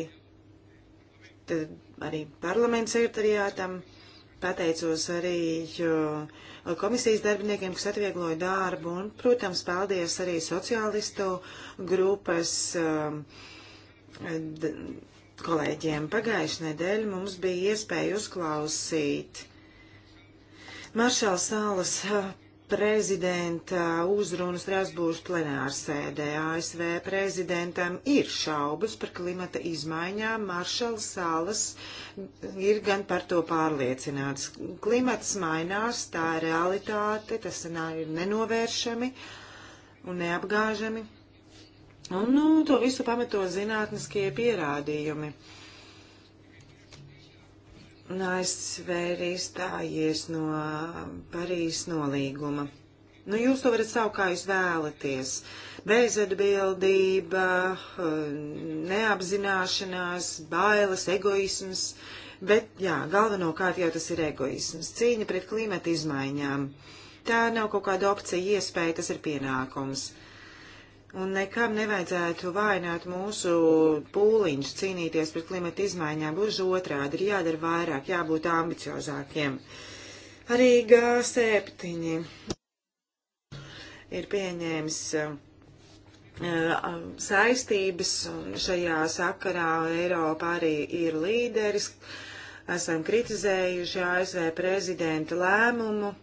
tad, arī parlamentu sekretariātam, Pateicos arī uh, komisijas darbiniekiem, kas atviegloja darbu, un, protams, paldies arī sociālistu grupas um, kolēģiem. Pagājušajā nedēļā mums bija iespēja uzklausīt Maršala salas uh, prezidenta uzrunu Strasbūras plenārsēdē. ASV prezidentam ir šaubas par klimata izmaiņām. Maršala salas ir gan par to pārliecināts. Klimats mainās, tā ir realitāte, tas ir nenovēršami un neapgāžami. Un nu, to visu pamato zinātniskie pierādījumi. Uh, ASV ir izstājies no Parīzes nolīguma. Nu, jūs to varat saukt, kā jūs vēlaties. Bezatbildība, neapzināšanās, bailes, egoisms, bet, jā, galvenokārt jau tas ir egoisms. Cīņa pret klimata izmaiņām. Tā nav kaut kāda opcija, iespēja, tas ir pienākums. Un nekam nevajadzētu vainot mūsu pūliņus cīnīties pret klimata izmaiņām. Gluži otrādi ir jādara vairāk, jābūt ambiciozākiem. Arī G7 ir pieņēmis eh, saistības šajā sakarā. Eiropa arī ir līderis. Esam kritizējuši ASV prezidenta lēmumu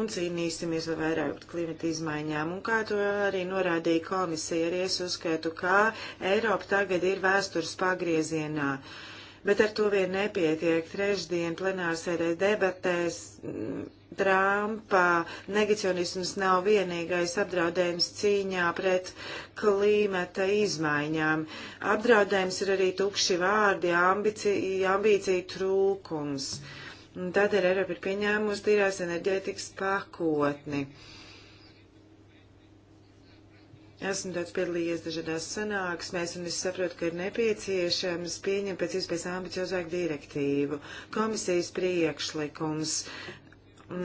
un cīnīsimies vēl vairāk pret klimata izmaiņām. Un kā to arī norādīja komisija, arī es uzskatu, ka Eiropa tagad ir vēstures pagriezienā. Bet ar to vien nepietiek. Trešdien plenārsēdē debatēs mm, Trumpa negacionisms nav vienīgais apdraudējums cīņā pret klimata izmaiņām. Apdraudējums ir arī tukši vārdi, ambīcija, ambīcija trūkums. Mm Un tādēļ Eiropa ir pieņēmusi tīrās enerģētikas pakotni. Esmu daudz piedalījies dažādās sanāksmēs, un es saprotu, ka ir nepieciešams pieņemt pēc iespējas ambiciozāku direktīvu. Komisijas priekšlikums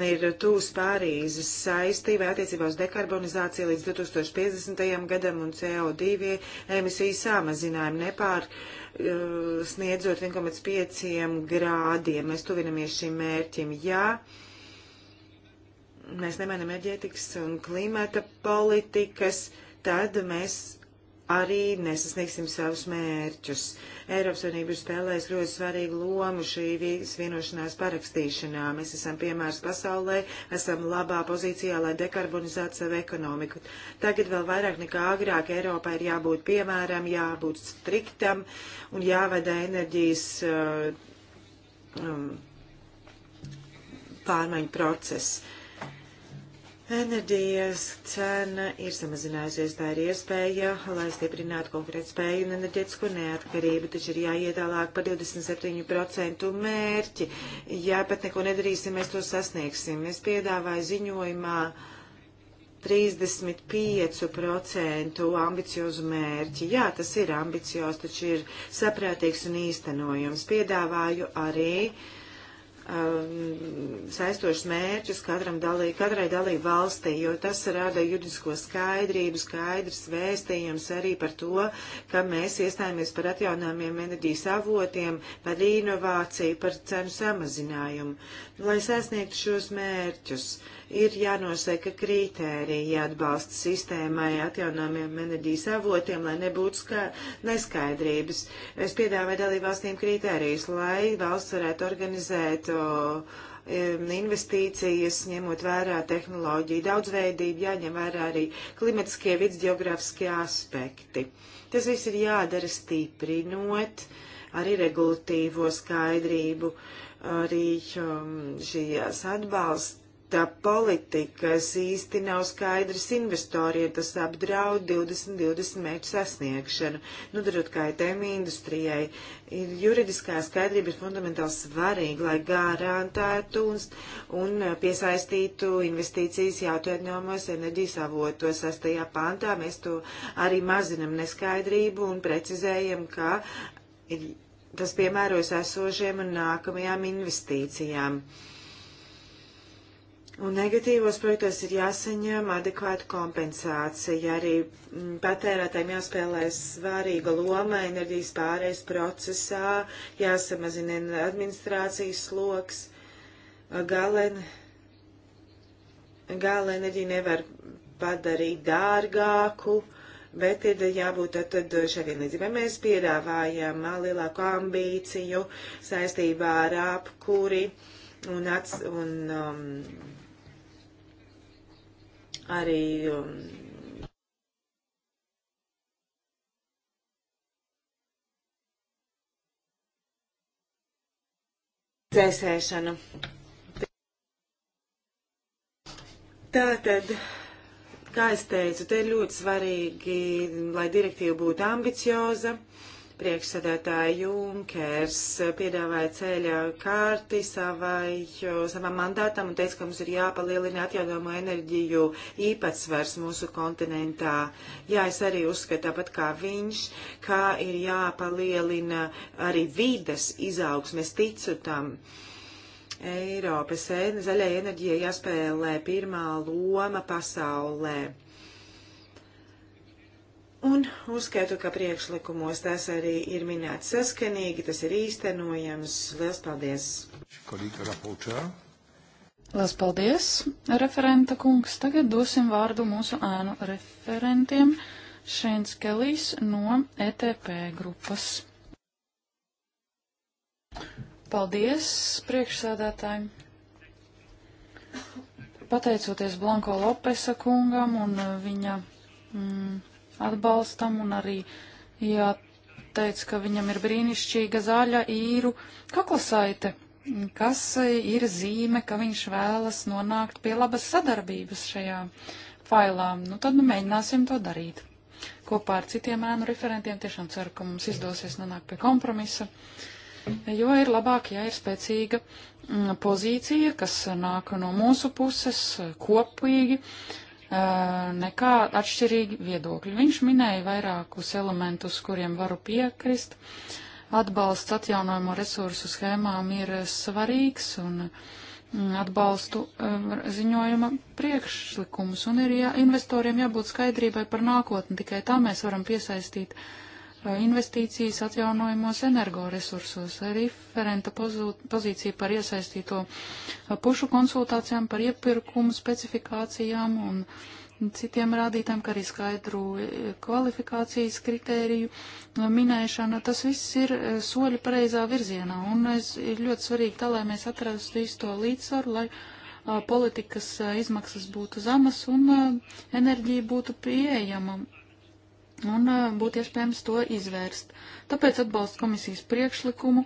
ir tūs Pārīzes saistībai attiecībā uz dekarbonizāciju līdz 2050. gadam un CO2 emisiju samazinājumu nepār uh, sniedzot 1,5 grādiem. Mēs tuvinamies šim mērķim. Jā, mēs nemainam enerģētikas un klimata politikas, tad mēs arī nesasniegsim savus mērķus. Eiropas Savienība ir spēlējusi ļoti svarīgu lomu šī vienošanās parakstīšanā. Mēs esam piemērs pasaulē, esam labā pozīcijā, lai dekarbonizētu savu ekonomiku. Tagad vēl vairāk nekā agrāk Eiropā ir jābūt piemēram, jābūt striktam un jāvada enerģijas uh, um, pārmaiņu procesu Enerģijas cena ir samazinājusies, tā ir iespēja, lai stiprinātu konkurētspēju un enerģetisko neatkarību, taču ir jāiet tālāk par 27% mērķi. Ja pat neko nedarīsim, mēs to sasniegsim. Es piedāvāju ziņojumā 35% ambiciozu mērķi. Jā, tas ir ambiciozs, taču ir saprātīgs un īstenojums. Piedāvāju arī. Uh, Um, saistošus mērķus katram dalī, katrai dalību valstī, jo tas rada juridisko skaidrību, skaidrs vēstījums arī par to, ka mēs iestājāmies par atjaunāmiem enerģijas avotiem, par inovāciju, par cenu samazinājumu. Lai sasniegtu šos mērķus, uh, ir jānosaka kritērija atbalsta sistēmai atjaunojumiem enerģijas avotiem, lai nebūtu ska neskaidrības. Es piedāvāju dalībvalstīm kritērijas, lai valsts varētu organizēt o, investīcijas, ņemot vērā tehnoloģiju daudzveidību, jāņem vērā arī klimatiskie, vidsgeogrāfiskie aspekti. Tas viss ir jādara stiprinot arī regulatīvo skaidrību, arī um, šīs atbalsta tā politika īsti nav skaidrs investoriem, tas apdraud 2020 mērķu sasniegšanu, nodarot nu, kaitējumu industrijai. Juridiskā skaidrība ir fundamentāli svarīga, lai garantētu un, un piesaistītu investīcijas jautājumos enerģijas avotos. Sastajā pantā mēs to arī mazinam neskaidrību un precizējam, ka ir, tas piemērojas esošiem un nākamajām investīcijām. Uh, Un negatīvos projektos ir jāsaņem adekvāta kompensācija. Arī mm, patērētājiem jāspēlē svarīga loma enerģijas pārējais procesā, jāsamazina administrācijas sloks. Galen, gala enerģiju nevar padarīt dārgāku, bet ir jābūt tad, tad šai vienlīdzībai. Mēs piedāvājam lielāku ambīciju saistībā ar apkuri un, ats, un um, arī um, dzēsēšanu. Tātad, kā es teicu, te ir ļoti svarīgi, lai direktīva būtu ambicioza. Uh, Priekšsēdētāja Junkers piedāvāja ceļa kārti savai, savam mandātam un teica, ka mums ir jāpalielina atjaunojumu enerģiju īpatsvars mūsu kontinentā. Jā, es arī uzskatu tāpat kā viņš, ka ir jāpalielina arī vides izaugsmes ticu tam. Eiropas zaļai enerģijai jāspēlē pirmā loma pasaulē. Un uzskatu, ka priekšlikumos tas arī ir minēts saskanīgi, tas ir īstenojams. Lielas paldies! Lielas paldies, referenta kungs. Tagad dosim vārdu mūsu ēnu referentiem. Šeins Kelijs no ETP grupas. Paldies, priekšsēdētāji! Pateicoties Blanko Lopesa kungam un viņa mm, atbalstam un arī jāteic, ka viņam ir brīnišķīga zaļa īru kaklasaite, kas ir zīme, ka viņš vēlas nonākt pie labas sadarbības šajā failā. Nu tad nu mēģināsim to darīt. Kopā ar citiem ēnu referentiem tiešām ceru, ka mums izdosies nonākt pie kompromisa. Jo ir labāk, ja ir spēcīga mm, pozīcija, kas nāk no mūsu puses kopīgi, nekā atšķirīgi viedokļi. Viņš minēja vairākus elementus, kuriem varu piekrist. Atbalsts atjaunojumu resursu schēmām ir svarīgs un mm, atbalstu ziņojuma priekšlikumus un ir jā, investoriem jābūt skaidrībai par nākotni, tikai tā mēs varam piesaistīt uh, investīcijas atjaunojumos energoresursos, referenta pozīcija par iesaistīto pušu konsultācijām, par iepirkumu specifikācijām un citiem rādītājiem, kā arī skaidru kvalifikācijas kritēriju minēšana. Tas viss ir soļi pareizā virzienā, un es, ir ļoti svarīgi tā, lai mēs atrastu īsto līdzsvaru, lai a, politikas a, izmaksas būtu zemas un a, enerģija būtu pieejama un eh, būtu iespējams to izvērst. Tāpēc atbalstu komisijas priekšlikumu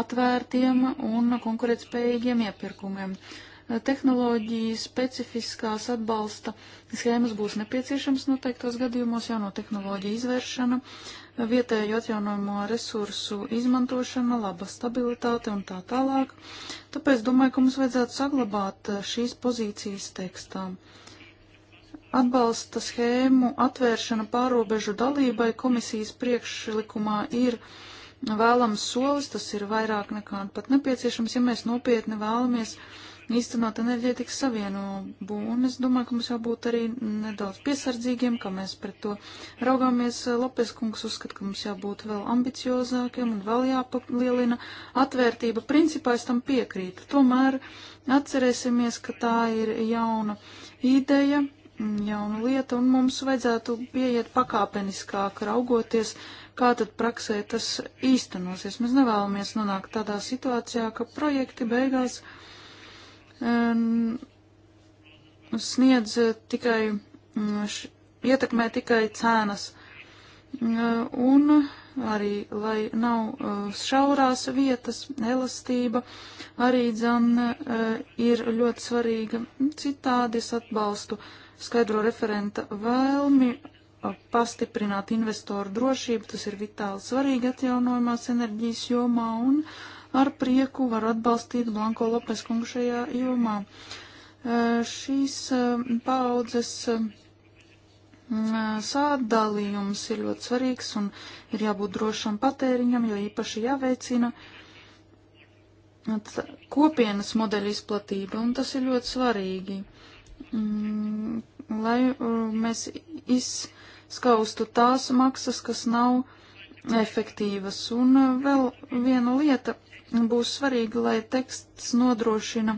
atvērtiem un konkurētspējīgiem iepirkumiem. Eh, tehnoloģiju specifiskās atbalsta schēmas būs nepieciešams noteiktos gadījumos, jauno tehnoloģiju izvēršana, eh, vietēju atjaunojamo resursu izmantošana, laba stabilitāte un tā tālāk. Tāpēc domāju, ka mums vajadzētu saglabāt šīs pozīcijas tekstām. Uh, Atbalsta schēmu atvēršana pārobežu dalībai komisijas priekšlikumā ir vēlams solis, tas ir vairāk nekā pat nepieciešams, ja mēs nopietni vēlamies īstenot enerģētikas savienību. Un es domāju, ka mums jābūt arī nedaudz piesardzīgiem, ka mēs pret to raugāmies. Lopes kungs uzskata, ka mums jābūt vēl ambiciozākiem un vēl jāpalielina atvērtība. Principā es tam piekrītu. Tomēr atcerēsimies, ka tā ir jauna ideja jauna lieta, un mums vajadzētu pieiet pakāpeniskāk, raugoties, kā tad praksē tas īstenosies. Mēs nevēlamies nonākt tādā situācijā, ka projekti beigās um, sniedz tikai, mm, š, ietekmē tikai cēnas, mm, uh, un arī, lai nav uh, šaurās vietas, elastība, arī dzan uh, ir ļoti svarīga. Citādi es atbalstu uh, skaidro referenta vēlmi pastiprināt investoru drošību. Tas ir vitāli svarīgi atjaunojumās enerģijas jomā un ar prieku var atbalstīt Blanko Lopes kungu šajā jomā. Šīs paudzes sādalījums ir ļoti svarīgs un ir jābūt drošam patēriņam, jo īpaši jāveicina kopienas modeļa izplatība, un tas ir ļoti svarīgi mm, lai uh, mēs izskaustu tās maksas, kas nav efektīvas. Un uh, vēl viena lieta būs svarīga, lai teksts nodrošina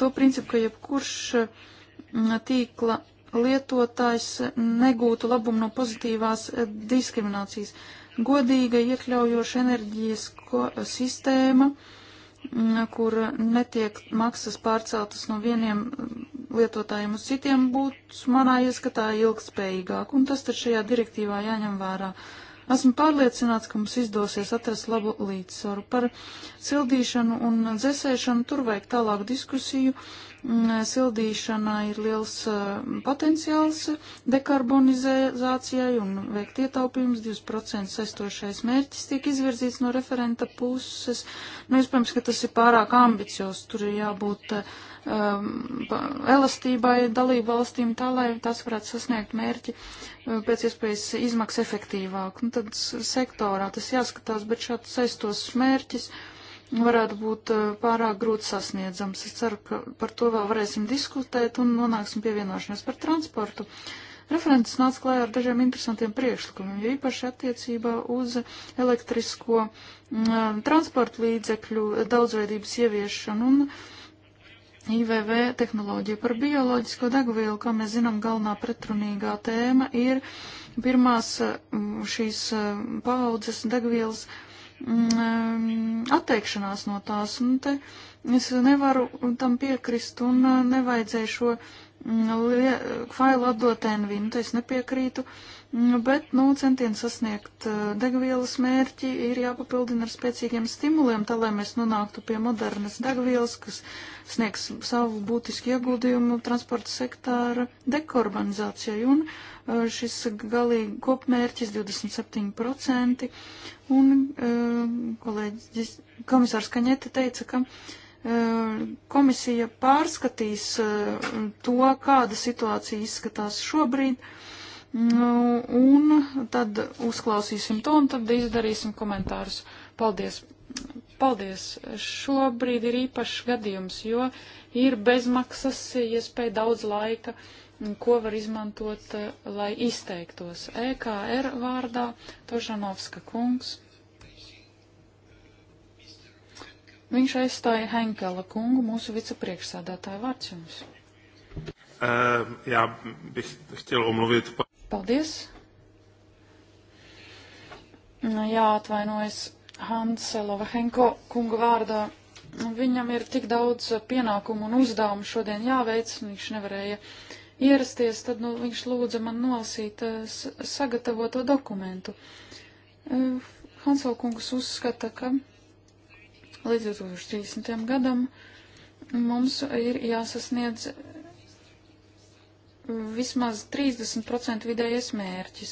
to principu, ka jebkurš mm, tīkla lietotājs negūtu labumu no pozitīvās diskriminācijas. Godīga iekļaujoša enerģijas sistēma, mm, kur netiek maksas pārceltas no vieniem lietotājiem uz citiem būtu manā ieskatā ilgspējīgāk, un tas tad šajā direktīvā jāņem vērā. Esmu pārliecināts, ka mums izdosies atrast labu līdzsvaru par sildīšanu un dzesēšanu. Tur vajag tālāk diskusiju. Mm, sildīšana ir liels eh, potenciāls dekarbonizācijai un veikt ietaupījums. 2% saistošais mērķis tiek izvirzīts no referenta puses. Nu, iespējams, ka tas ir pārāk ambicios. Tur ir jābūt uh, um, elastībai dalību valstīm tā, lai tas varētu sasniegt mērķi uh, pēc iespējas izmaksas efektīvāk. Un nu, tad sektorā tas jāskatās, bet šāds saistos mērķis varētu būt uh, pārāk grūti sasniedzams. Es ceru, ka par to vēl varēsim diskutēt un nonāksim pie vienošanās par transportu. Referents nāca klājā ar dažiem interesantiem priekšlikumiem, jo īpaši attiecībā uz elektrisko m, mm, transporta līdzekļu daudzveidības ieviešanu un uh, IVV tehnoloģiju par bioloģisko degvielu, kā mēs zinām, galvenā pretrunīgā tēma ir pirmās mm, šīs mm, paudzes degvielas mm, atteikšanās no tās. Un te es nevaru tam piekrist un nevajadzēju šo failu atdot Envinu, te es nepiekrītu. Uh, Nu, bet, nu, centieni sasniegt eh, degvielas mērķi ir jāpapildina ar spēcīgiem stimuliem, tā lai mēs nonāktu pie modernas degvielas, kas sniegs savu būtisku ieguldījumu transporta sektāra dekarbonizācijai. Un eh, šis galīgi kopmērķis 27%. Un eh, kolēģis komisārs Kaņete teica, ka komisija pārskatīs to, kāda situācija izskatās šobrīd Nu, un tad uzklausīsim to, un tad izdarīsim komentārus. Paldies! Paldies! Šobrīd ir īpašs gadījums, jo ir bezmaksas iespēja daudz laika, ko var izmantot, lai izteiktos. EKR vārdā Tošanovska kungs. Viņš aizstāja Henkela kungu, mūsu vicepriekšsādātāja vārds jums. Uh, eh, jā, bych chtěl omluvit. Paldies! Nu, jā, atvainojas Hansa Lovahenko kunga vārdā. Viņam ir tik daudz pienākumu un uzdevumu šodien jāveic, un viņš nevarēja ierasties, tad nu, viņš lūdza man nolasīt eh, sagatavoto dokumentu. Eh, Hanselkungs uzskata, ka līdz 2030. gadam mums ir jāsasniedz vismaz 30% vidējais mērķis.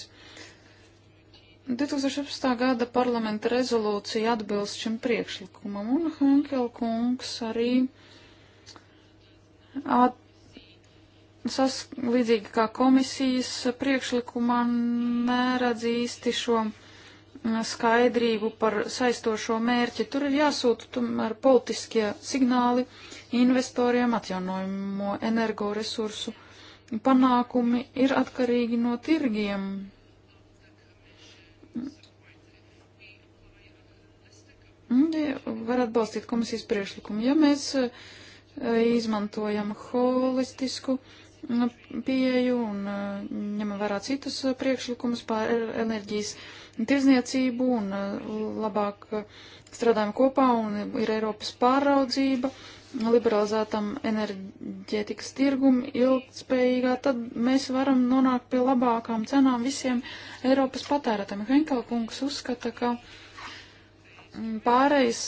2017. gada parlamenta rezolūcija atbilst šim priekšlikumam, un Henkel kungs arī at, sas, līdzīgi kā komisijas priekšlikumā neredz īsti šo mm, skaidrību par saistošo mērķi. Tur ir jāsūta tomēr politiskie signāli investoriem atjaunojumu energoresursu panākumi ir atkarīgi no tirgiem. Ja var atbalstīt komisijas priekšlikumu. Ja mēs e, izmantojam holistisku pieju un e, ņemam vērā citus e, priekšlikumus par enerģijas tirzniecību un labāk strādājam kopā un ir Eiropas pāraudzība, liberalizētam enerģētikas tirgum ilgspējīgā, tad mēs varam nonākt pie labākām cenām visiem Eiropas patērētam. Henkelkungs uzskata, ka mm, pārejas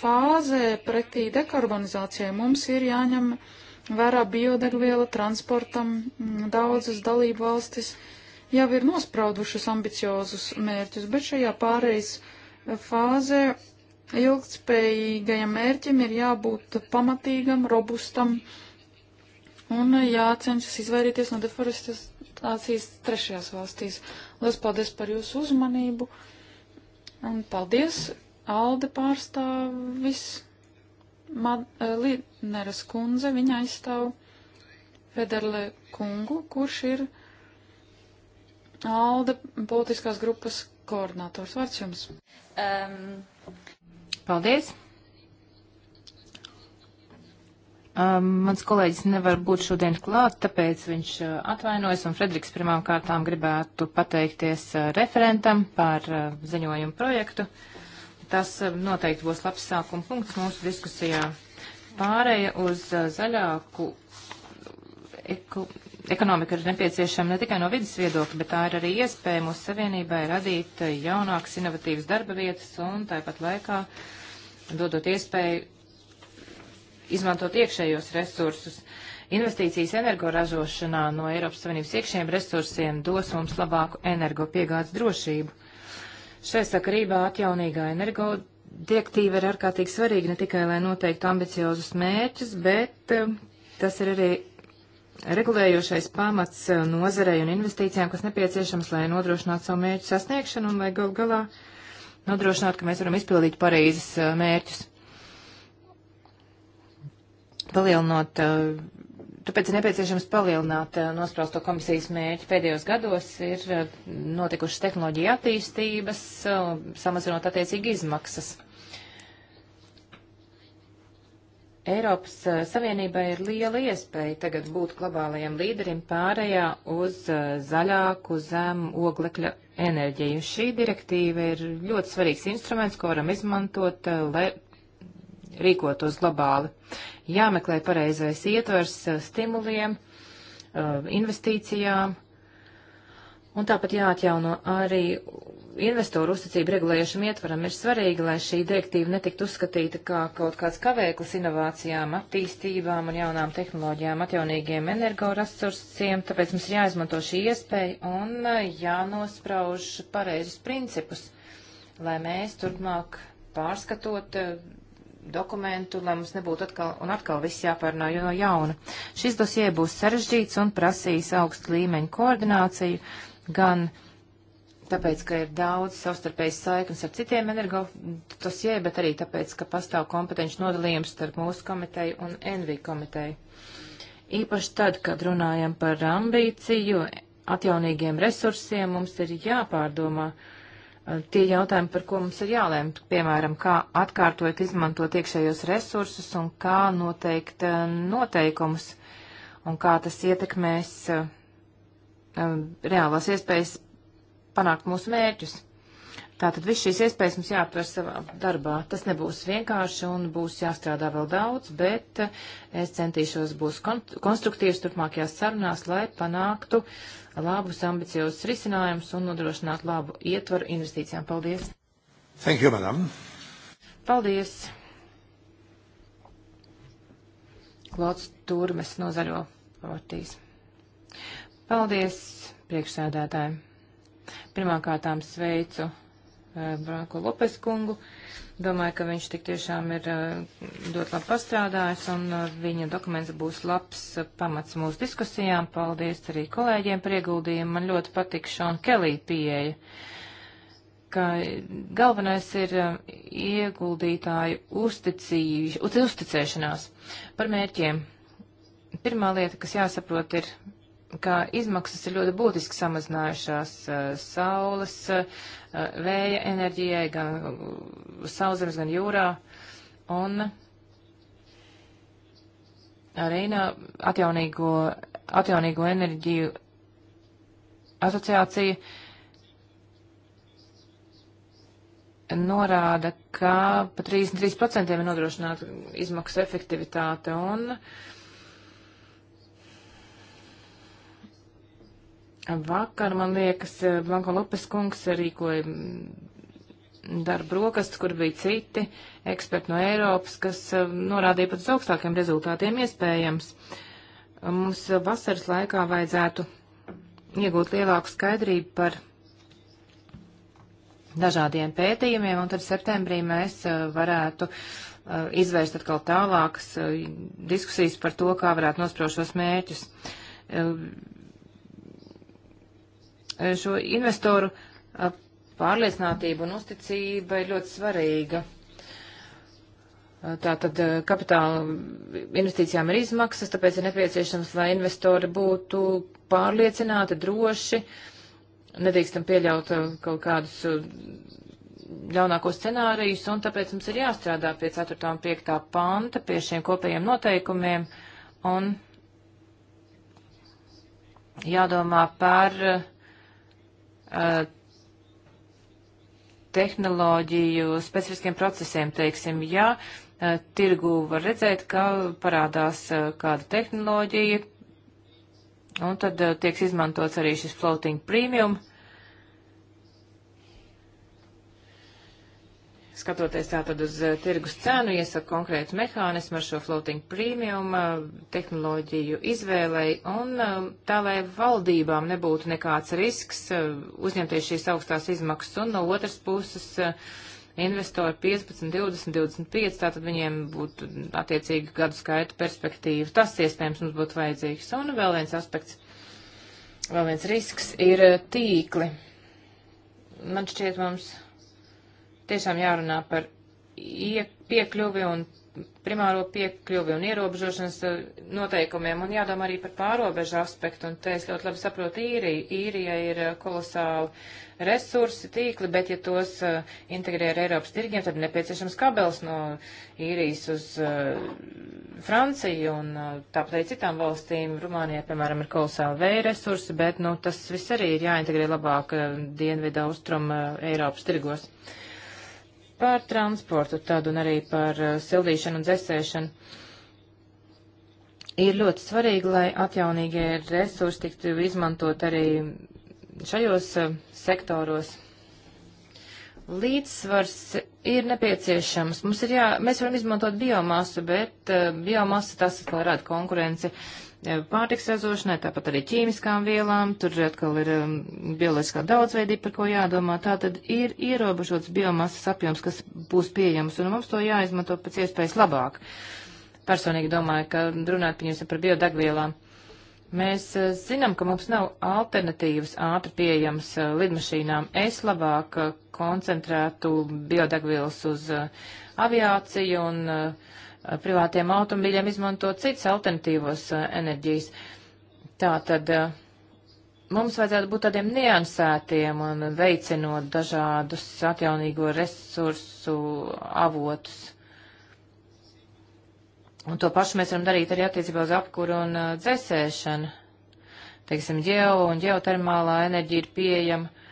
fāzē pretī dekarbonizācijai mums ir jāņem vērā biodegviela transportam mm, daudzas dalību valstis jau ir nospraudušas ambiciozus mērķus, bet šajā pārejas fāzē ilgtspējīgajam mērķim ir jābūt pamatīgam, robustam un jācenšas izvairīties no deforestācijas trešajās valstīs. Lielas paldies par jūsu uzmanību un paldies Alde pārstāvis eh, Lidneras kundze, viņa aizstāv Federle kungu, kurš ir Alde politiskās grupas koordinators. Vārds jums. Um. Paldies! Um, mans kolēģis nevar būt šodien klāt, tāpēc viņš uh, atvainojas, un Frederiks pirmām kārtām gribētu pateikties uh, referentam par uh, ziņojumu projektu. Tas um, noteikti būs labs sākuma punkts mūsu diskusijā. Pārēja uz uh, zaļāku uh, eko, ekonomika ir nepieciešama ne tikai no vidas viedokļa, bet tā ir arī iespēja mūsu savienībai radīt jaunākas, inovatīvas darba vietas un tāpat laikā dodot iespēju izmantot iekšējos resursus. Investīcijas energoražošanā no Eiropas Savienības iekšējiem resursiem dos mums labāku energopiegādes drošību. Šai sakarībā atjaunīgā energo direktīva ir ārkārtīgi svarīga ne tikai, lai noteiktu ambiciozus mērķus, bet um, tas ir arī regulējošais pamats eh, nozarei un investīcijām, kas nepieciešams, lai nodrošinātu savu mērķu sasniegšanu un lai gal galā nodrošinātu, ka mēs varam izpildīt Parīzes eh, mērķus. Palielinot, eh, tāpēc ir nepieciešams palielināt nospraustu komisijas mērķi. Pēdējos gados ir notikušas tehnoloģija attīstības, samazinot attiecīgi izmaksas. Eiropas eh, Savienībai ir liela iespēja tagad būt globālajiem līderiem pārējā uz eh, zaļāku zem oglekļa enerģiju. Šī direktīva ir ļoti svarīgs instruments, ko varam izmantot, eh, lai rīkotos globāli. Jāmeklē pareizais ietvers stimuliem, investīcijām, un tāpat jāatjauno arī investoru uzticību regulējušam ietvaram ir svarīgi, lai šī direktīva netiktu uzskatīta kā kaut kāds kavēklis inovācijām, attīstībām un jaunām tehnoloģijām, atjaunīgiem energoresursiem, tāpēc mums ir jāizmanto šī iespēja un eh, jānosprauž pareizus principus, lai mēs turpmāk pārskatot eh, dokumentu, lai mums nebūtu atkal un atkal viss jāpārnā no jauna. Šis dosie būs sarežģīts un prasīs augstu līmeņu koordināciju gan uh, tāpēc, ka ir daudz savstarpējas saiknes ar citiem energotosjē, bet arī tāpēc, ka pastāv kompetenci nodalījums starp mūsu komiteju un NV komiteju. Īpaši tad, kad runājam par ambīciju, atjaunīgiem resursiem, mums ir jāpārdomā eh, tie jautājumi, par ko mums ir jālēmt, piemēram, kā atkārtot izmantot iekšējos resursus un kā noteikt eh, noteikumus un kā tas ietekmēs eh, reālās iespējas panākt mūsu mērķus. Tātad viss šīs iespējas mums jāaptver savā darbā. Tas nebūs vienkārši un būs jāstrādā vēl daudz, bet eh, es centīšos būs konstruktīvs turpmākajās sarunās, lai panāktu labus ambiciozus risinājumus un nodrošinātu labu ietvaru investīcijām. Paldies! Thank you, madam! Paldies! Klauds Turmes no Zaļo partijas. Paldies priekšsēdētājiem! Pirmkārtām sveicu eh, Branko Lopes kungu. Domāju, ka viņš tik tiešām ir eh, ļoti labi pastrādājis, un eh, viņa dokuments būs labs pamats mūsu diskusijām. Paldies arī kolēģiem par ieguldījumu. Man ļoti patika Šona Kelī pieeja, ka galvenais ir ieguldītāju uzticīšanās par mērķiem. Pirmā lieta, kas jāsaprot, ir ka izmaksas ir ļoti būtiski samazinājušās eh, saules, eh, vēja enerģijai, gan eh, saulzemes, gan jūrā. Un arī atjaunīgo, atjaunīgo enerģiju asociācija norāda, ka pa 33% ir nodrošināta izmaksu efektivitāte un uh, Vakar, man liekas, eh, Blanko Lopes kungs rīkoja mm, darba brokastis, kur bija citi eksperti no Eiropas, kas eh, norādīja pat uz augstākiem rezultātiem iespējams. Mums vasaras laikā vajadzētu iegūt lielāku skaidrību par dažādiem pētījumiem, un tad septembrī mēs eh, varētu izvērst atkal tālākas diskusijas par to, kā varētu nosprošos mērķus Eh, šo investoru eh, pārliecinātība un uzticība ir ļoti svarīga. Eh, tātad kapitāla investīcijām ir izmaksas, tāpēc ir nepieciešams, lai investori būtu pārliecināti, droši, nedrīkstam pieļaut kaut kādus ļaunākos scenārijus, un tāpēc mums ir jāstrādā pie 4. un 5. panta, pie šiem kopējiem noteikumiem, un jādomā par uh, Uh, tehnoloģiju specifiskiem procesiem, teiksim, ja uh, tirgu var redzēt, ka parādās uh, kāda tehnoloģija, un tad tiek izmantots arī šis floating premium. Uh, skatoties tātad uz eh, tirgus cenu, iesaka konkrētu mehānismu ar šo floating premium eh, tehnoloģiju izvēlei un eh, tā, lai valdībām nebūtu nekāds risks uzņemties šīs augstās izmaksas un no otras puses investori 15, 20, 25, tātad viņiem būtu attiecīgi gadu skaitu perspektīva. Tas iespējams mums būtu vajadzīgs. Un vēl viens aspekts, vēl viens risks ir tīkli. Man šķiet mums tiešām jārunā par piekļuvi un primāro piekļuvi un ierobežošanas eh, noteikumiem un jādomā arī par pārobežu aspektu. Un te es ļoti labi saprotu īriju. Īrija ir eh, kolosāli resursi, tīkli, bet ja tos uh, integrē ar Eiropas tirgiem, tad nepieciešams kabels no īrijas uz uh, Franciju un uh, tāpat arī citām valstīm. Rumānijā, piemēram, ir kolosāli vēja resursi, bet nu, tas viss arī ir jāintegrē labāk dienvidu austrum Eiropas tirgos. Uh, par transportu tad un arī par uh, sildīšanu un dzēsēšanu. Ir ļoti svarīgi, lai atjaunīgie resursi tiktu izmantot arī šajos uh, sektoros. Līdzsvars ir nepieciešams. Mums ir jā, mēs varam izmantot biomasu, bet uh, biomasa tas atkal rada konkurenci uh, Eh, pārtiks ražošanai, tāpat arī ķīmiskām vielām, tur atkal ir um, bioloģiskā daudzveidība, par ko jādomā. Tā tad ir ierobežots biomasas apjoms, kas būs pieejams, un mums to jāizmanto pēc iespējas labāk. Personīgi domāju, ka runāt, pieņemsim, par biodegvielām. Mēs uh, zinām, ka mums nav alternatīvas ātri pieejams uh, eh, lidmašīnām. Es labāk uh, koncentrētu biodegvielas uz aviāciju un uh, Eh, privātiem automobiļiem izmanto cits alternatīvos eh, enerģijas. Tātad eh, mums vajadzētu būt tādiem niansētiem un veicinot dažādus atjaunīgo resursu avotus. Un to pašu mēs varam darīt arī attiecībā uz apkuru un dzēsēšanu. Teiksim, ģeo un ģeotermālā enerģija ir pieejama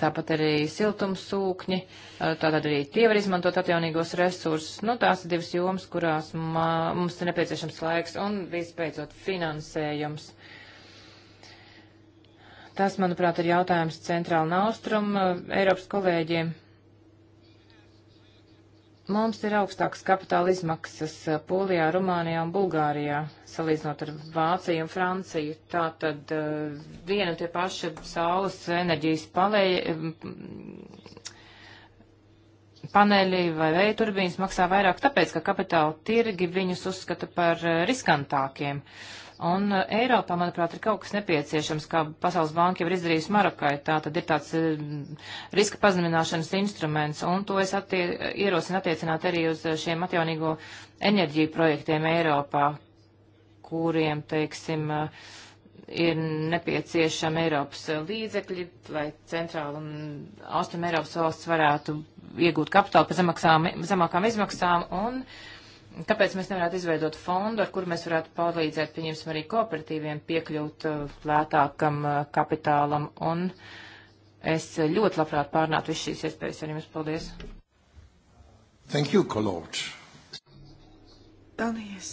Tāpat arī siltumsūkņi, tātad arī tie var izmantot atjaunīgos resursus. Nu, tās ir divas jomas, kurās mā, mums ir nepieciešams laiks un vispēcot finansējums. Tas, manuprāt, ir jautājums centrāla un austrum Eiropas kolēģiem. Mums ir augstākas kapitāla izmaksas eh, Polijā, Rumānijā un Bulgārijā, salīdzinot ar Vāciju un Franciju. Tā tad uh, viena tie paši saules enerģijas palēja, mm, paneļi vai vējturbīnas maksā vairāk tāpēc, ka kapitāla tirgi viņus uzskata par eh, riskantākiem. Uh, Un uh, Eiropā, manuprāt, ir kaut kas nepieciešams, kā Pasaules banka jau ir izdarījusi Marokai. Tā tad ir tāds uh, riska pazemināšanas instruments, un to es attie, ierosinu attiecināt arī uz uh, šiem atjaunīgo enerģiju projektiem Eiropā, kuriem, teiksim, ir nepieciešami Eiropas līdzekļi, lai centrāla un austruma Eiropas valsts varētu iegūt kapitālu par zemākām izmaksām. Un, uh, Kāpēc mēs nevarētu izveidot fondu, ar kuru mēs varētu palīdzēt, pieņemsim, arī kooperatīviem piekļūt uh, lētākam uh, kapitālam? Un es ļoti labprāt pārnātu visu šīs iespējas ar jums. Paldies! Thank you, Kolorč! Paldies!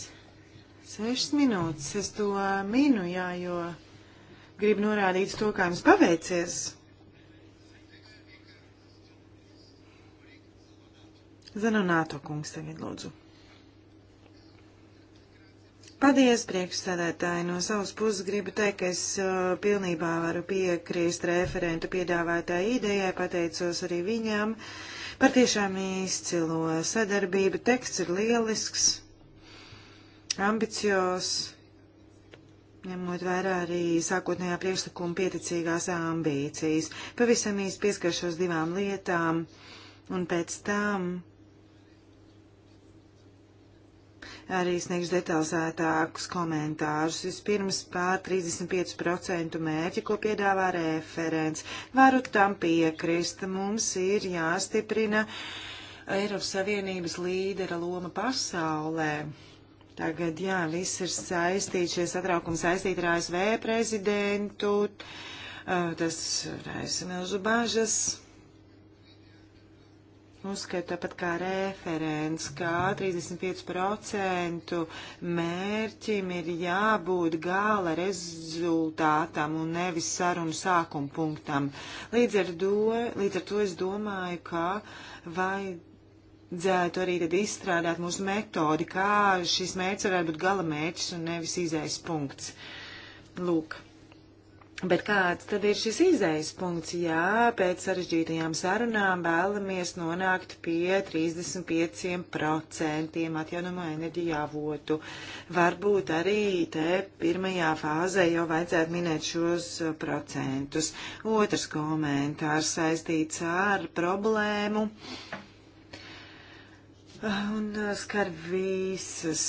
Sešas minūtes. Es to minu, jā, jo gribu norādīt to, kā jums paveicies. Zanonāto kungs tagad lūdzu. Paldies, priekšsēdētāji. No savas puses gribu teikt, ka es uh, pilnībā varu piekrīst referenta piedāvātāja idejai, pateicos arī viņam par tiešām izcilo sadarbību. Teksts ir lielisks, ambicios, ņemot vērā arī sākotnējā priekšlikuma pieticīgās ambīcijas. Pavisam īsti pieskaršos divām lietām un pēc tam arī sniegšu detalizētākus komentārus. Vispirms pār 35% mērķi, ko piedāvā referents. Varu tam piekrist. Mums ir jāstiprina Eiropas Savienības līdera loma pasaulē. Tagad, jā, viss ir saistīts, šie satraukumi saistīti ar ASV prezidentu. Tas raisa milzu bažas Uzskatu tāpat kā referents, ka 35% mērķim ir jābūt gala rezultātam un nevis sarunu sākuma punktam. Līdz ar, do, līdz ar to es domāju, ka vajadzētu arī tad izstrādāt mūsu metodi, kā šis mērķis varētu būt gala mērķis un nevis izējas punkts. Lūk. Bet kāds tad ir šis izējas punkts? Jā, pēc sarežģītajām sarunām vēlamies nonākt pie 35% atjaunamo enerģiju avotu. Varbūt arī te pirmajā fāzē jau vajadzētu minēt šos uh, procentus. Otrs komentārs saistīts ar problēmu. Uh, un uh, skar visas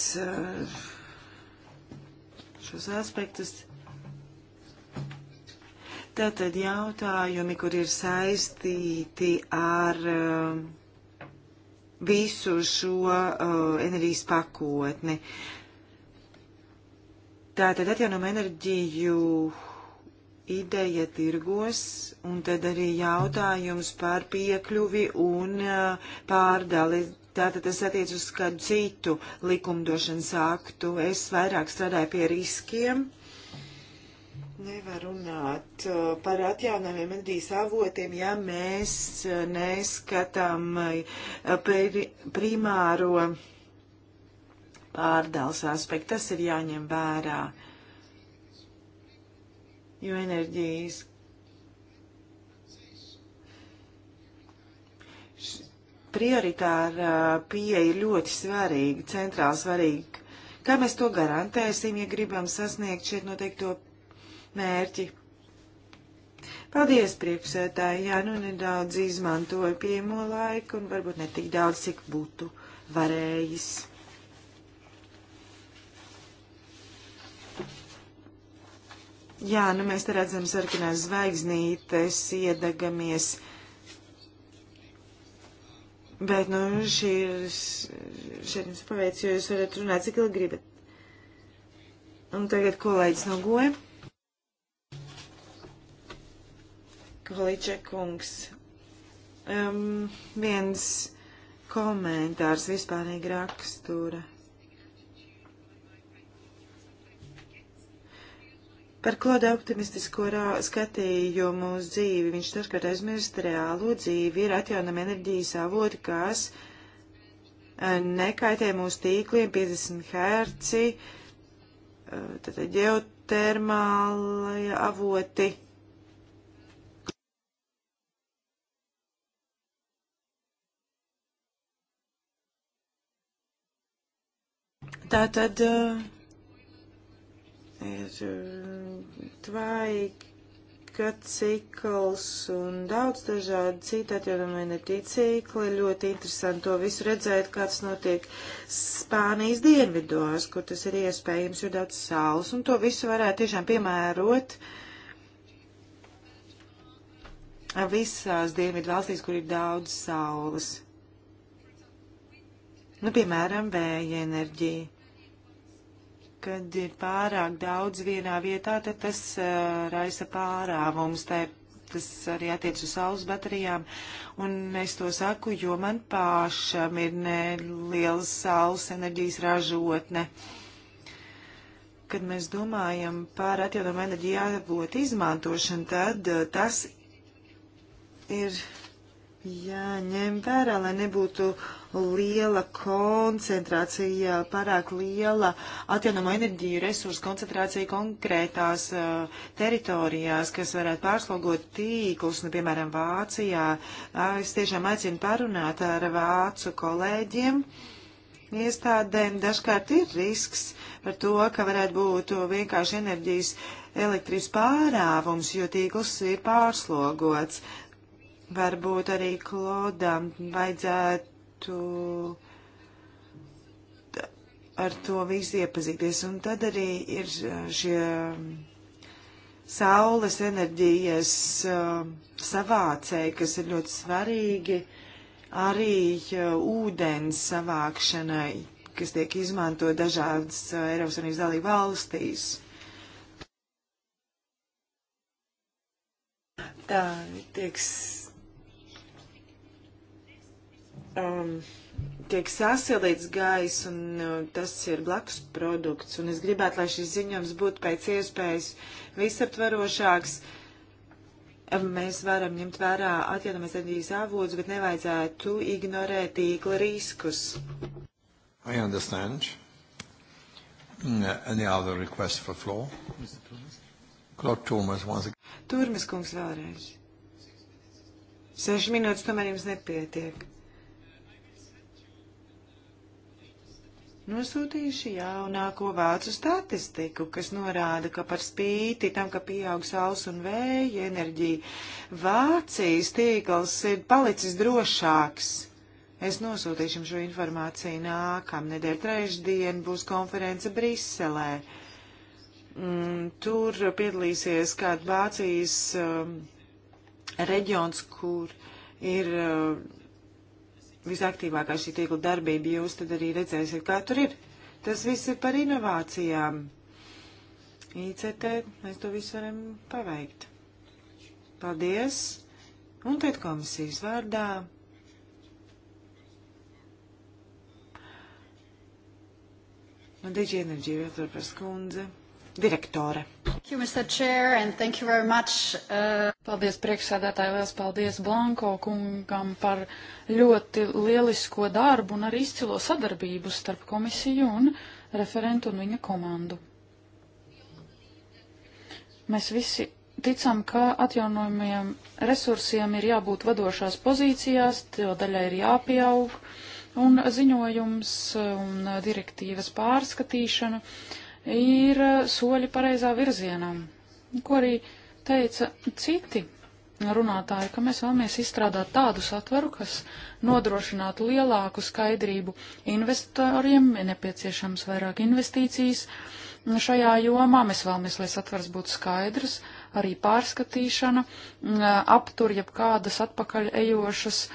šos aspektus Tātad jautājumi, kur ir saistīti ar uh, visu šo uh, enerģijas pakotni. Tātad atjaunam enerģiju ideja tirgos, un tad arī jautājums par piekļuvi un uh, pārdali. Tātad tas attiec uz kādu citu likumdošanas aktu. Es vairāk strādāju pie riskiem. Uh, Nevar runāt uh, par atjaunojumiem enerģijas avotiem, ja mēs uh, neskatām uh, primāro pārdales aspektu. Tas ir jāņem vērā, jo enerģijas. Prioritāra pieeja ir ļoti svarīga, centrāli svarīga. Kā mēs to garantēsim, ja gribam sasniegt šeit noteikto mērķi. Paldies, priekšsētāji. Jā, nu nedaudz izmantoju pieejamo laiku un varbūt ne tik daudz, cik būtu varējis. Jā, nu mēs te redzam sarkanās zvaigznītes, iedegamies. Bet, nu, šī ir, šeit jums paveic, jo jūs varat runāt, cik ilgi gribat. Un tagad kolēģis no goja. Kvaličekungs. Um, viens komentārs vispārīgi rakstura. Par kloda optimistisko skatījumu uz dzīvi viņš dažkārt aizmirst reālo dzīvi, ir atjaunama enerģijas avoti, kas eh, nekaitē mūsu tīkliem 50 herci, eh, tad ģeotermālai avoti Tā tad ir eh, eh, tvaika cikls un daudz dažādi citi atjaunojami enerģija cikli. Ļoti interesanti to visu redzēt, kāds notiek Spānijas dienvidos, kur tas ir iespējams, jo daudz saules, un to visu varētu tiešām piemērot visās dienvidu valstīs, kur ir daudz saules. Nu, piemēram, vēja enerģija kad ir pārāk daudz vienā vietā, tad tas uh, raisa pārāvums. Tā, tas arī attiec uz saules baterijām. Un es to saku, jo man pašam ir neliela saules enerģijas ražotne. Kad mēs domājam par atjaunojumu enerģiju jābūt izmantošanu, tad uh, tas ir jāņem vērā, lai nebūtu liela koncentrācija, pārāk liela atjaunamo enerģiju resursu koncentrācija konkrētās uh, teritorijās, kas varētu pārslogot tīklus, nu, piemēram, Vācijā. Uh, es tiešām aicinu parunāt ar vācu kolēģiem. Iestādēm dažkārt ir risks par to, ka varētu būt vienkārši enerģijas elektrības pārāvums, jo tīkls ir pārslogots. Uh, Varbūt arī Klodam vajadzētu ar to visu iepazīties. Un tad arī ir uh, šie um, saules enerģijas um, savācēji, kas ir ļoti svarīgi arī uh, ūdens savākšanai, kas tiek izmanto dažādas uh, Eiropas Unības dalību valstīs. Tā tieks um, tiek sasildīts gaiss, un uh, tas ir blakus produkts. Un es gribētu, lai šis ziņojums būtu pēc iespējas visaptvarošāks. Um, mēs varam ņemt vērā atjaunamās enerģijas avotus, bet nevajadzētu ignorēt tīkla riskus. I understand. Mm, any other request for floor? Claude Thomas once again. Turmes kungs vēlreiz. Seši minūtes tomēr jums nepietiek. nosūtījuši jaunāko vācu statistiku, kas norāda, ka par spīti tam, ka pieaug saules un vēja enerģija, Vācijas tīkls ir palicis drošāks. Es nosūtīšu šo informāciju nākamnedēļ. Trešdien būs konference Briselē. Mm, tur piedalīsies kāda Vācijas um, reģions, kur ir. Uh, visaktīvākā šī tīkla darbība, jūs tad arī redzēsiet, kā tur ir. Tas viss ir par inovācijām. ICT, mēs to visu varam paveikt. Paldies! Un tad komisijas vārdā. Digi Energy, Vietra Praskundze direktore. Uh, paldies priekšsēdētāji, liels paldies Blanko kungam par ļoti lielisko darbu un arī izcilo sadarbību starp komisiju un referentu un viņa komandu. Mēs visi ticam, ka atjaunojumiem resursiem ir jābūt vadošās pozīcijās, jo daļai ir jāpieaug, un ziņojums un direktīvas pārskatīšana ir eh, soļi pareizā virzienā. Ko arī teica citi runātāji, ka mēs vēlamies izstrādāt tādu satveru, kas nodrošinātu lielāku skaidrību investoriem, ir nepieciešams vairāk investīcijas šajā jomā. Mēs vēlamies, lai satvers būtu skaidrs, arī pārskatīšana, aptur jeb kādas atpakaļ ejošas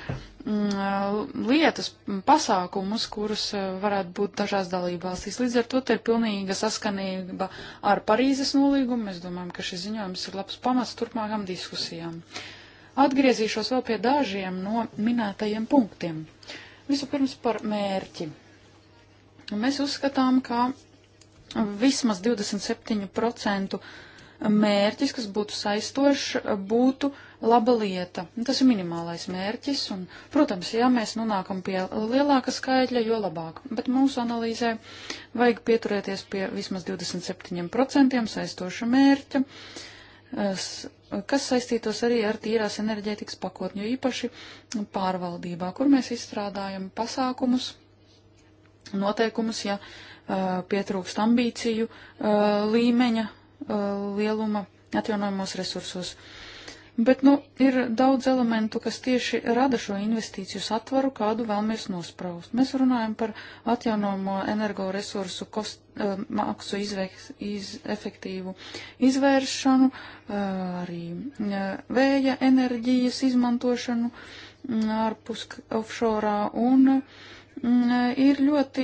Mm, lietas, mm, pasākumus, kurus varētu būt dažās dalībvalstīs. Līdz ar to te ir pilnīga saskanība ar Parīzes nolīgumu. Mēs domājam, ka šis ziņojums ir labs pamats turpmākām diskusijām. Atgriezīšos vēl pie dažiem no minētajiem punktiem. Vispirms par mērķi. Mēs uzskatām, ka vismaz 27% mērķis, kas būtu saistošs, būtu laba lieta. Tas ir minimālais mērķis, un, protams, ja mēs nonākam pie lielāka skaitļa, jo labāk. Bet mūsu analīzē vajag pieturēties pie vismaz 27% saistoša mērķa, kas saistītos arī ar tīrās enerģētikas pakotņu, īpaši pārvaldībā, kur mēs izstrādājam pasākumus, noteikumus, ja pietrūkst ambīciju līmeņa Uh, lieluma atjaunojumos resursos. Bet, nu, ir daudz elementu, kas tieši rada šo investīciju satvaru, kādu vēlamies nospraust. Mēs runājam par atjaunojumu energoresursu kost, uh, maksu izveiks, iz, efektīvu izvēršanu, uh, arī uh, vēja enerģijas izmantošanu mm, ārpus offshore un uh, ir ļoti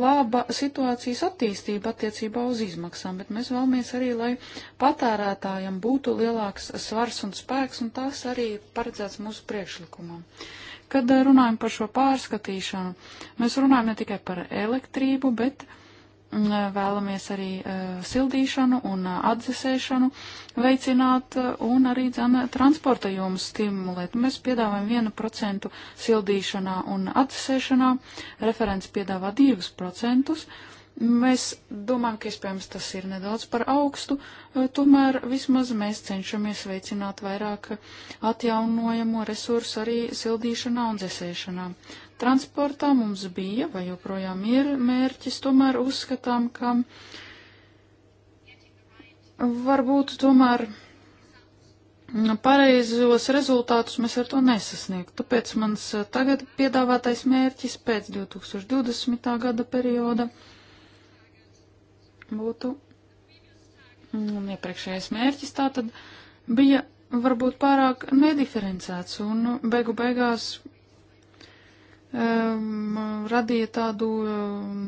laba situācijas attīstība attiecībā uz izmaksām, bet mēs vēlamies arī, lai patērētājiem būtu lielāks svars un spēks, un tas arī ir paredzēts mūsu priekšlikumā. Kad runājam par šo pārskatīšanu, mēs runājam ne tikai par elektrību, bet arī Mm, eh, vēlamies arī eh, sildīšanu un eh, atdzesēšanu veicināt un arī dzen, transporta jomu stimulēt. Mēs piedāvājam 1% sildīšanā un atdzesēšanā, referents piedāvā 2%. Mēs domājam, ka iespējams tas ir nedaudz par augstu, tomēr vismaz mēs cenšamies veicināt vairāk atjaunojamo resursu arī sildīšanā un dzesēšanā. Uh, transportā mums bija, vai joprojām ir mērķis, tomēr uzskatām, ka varbūt tomēr pareizos rezultātus mēs ar to nesasniegtu. Tāpēc mans eh, tagad piedāvātais mērķis pēc 2020. gada perioda būtu, un mm, iepriekšējais mērķis tātad bija varbūt pārāk nediferencēts, un beigu beigās um, radīja tādu um,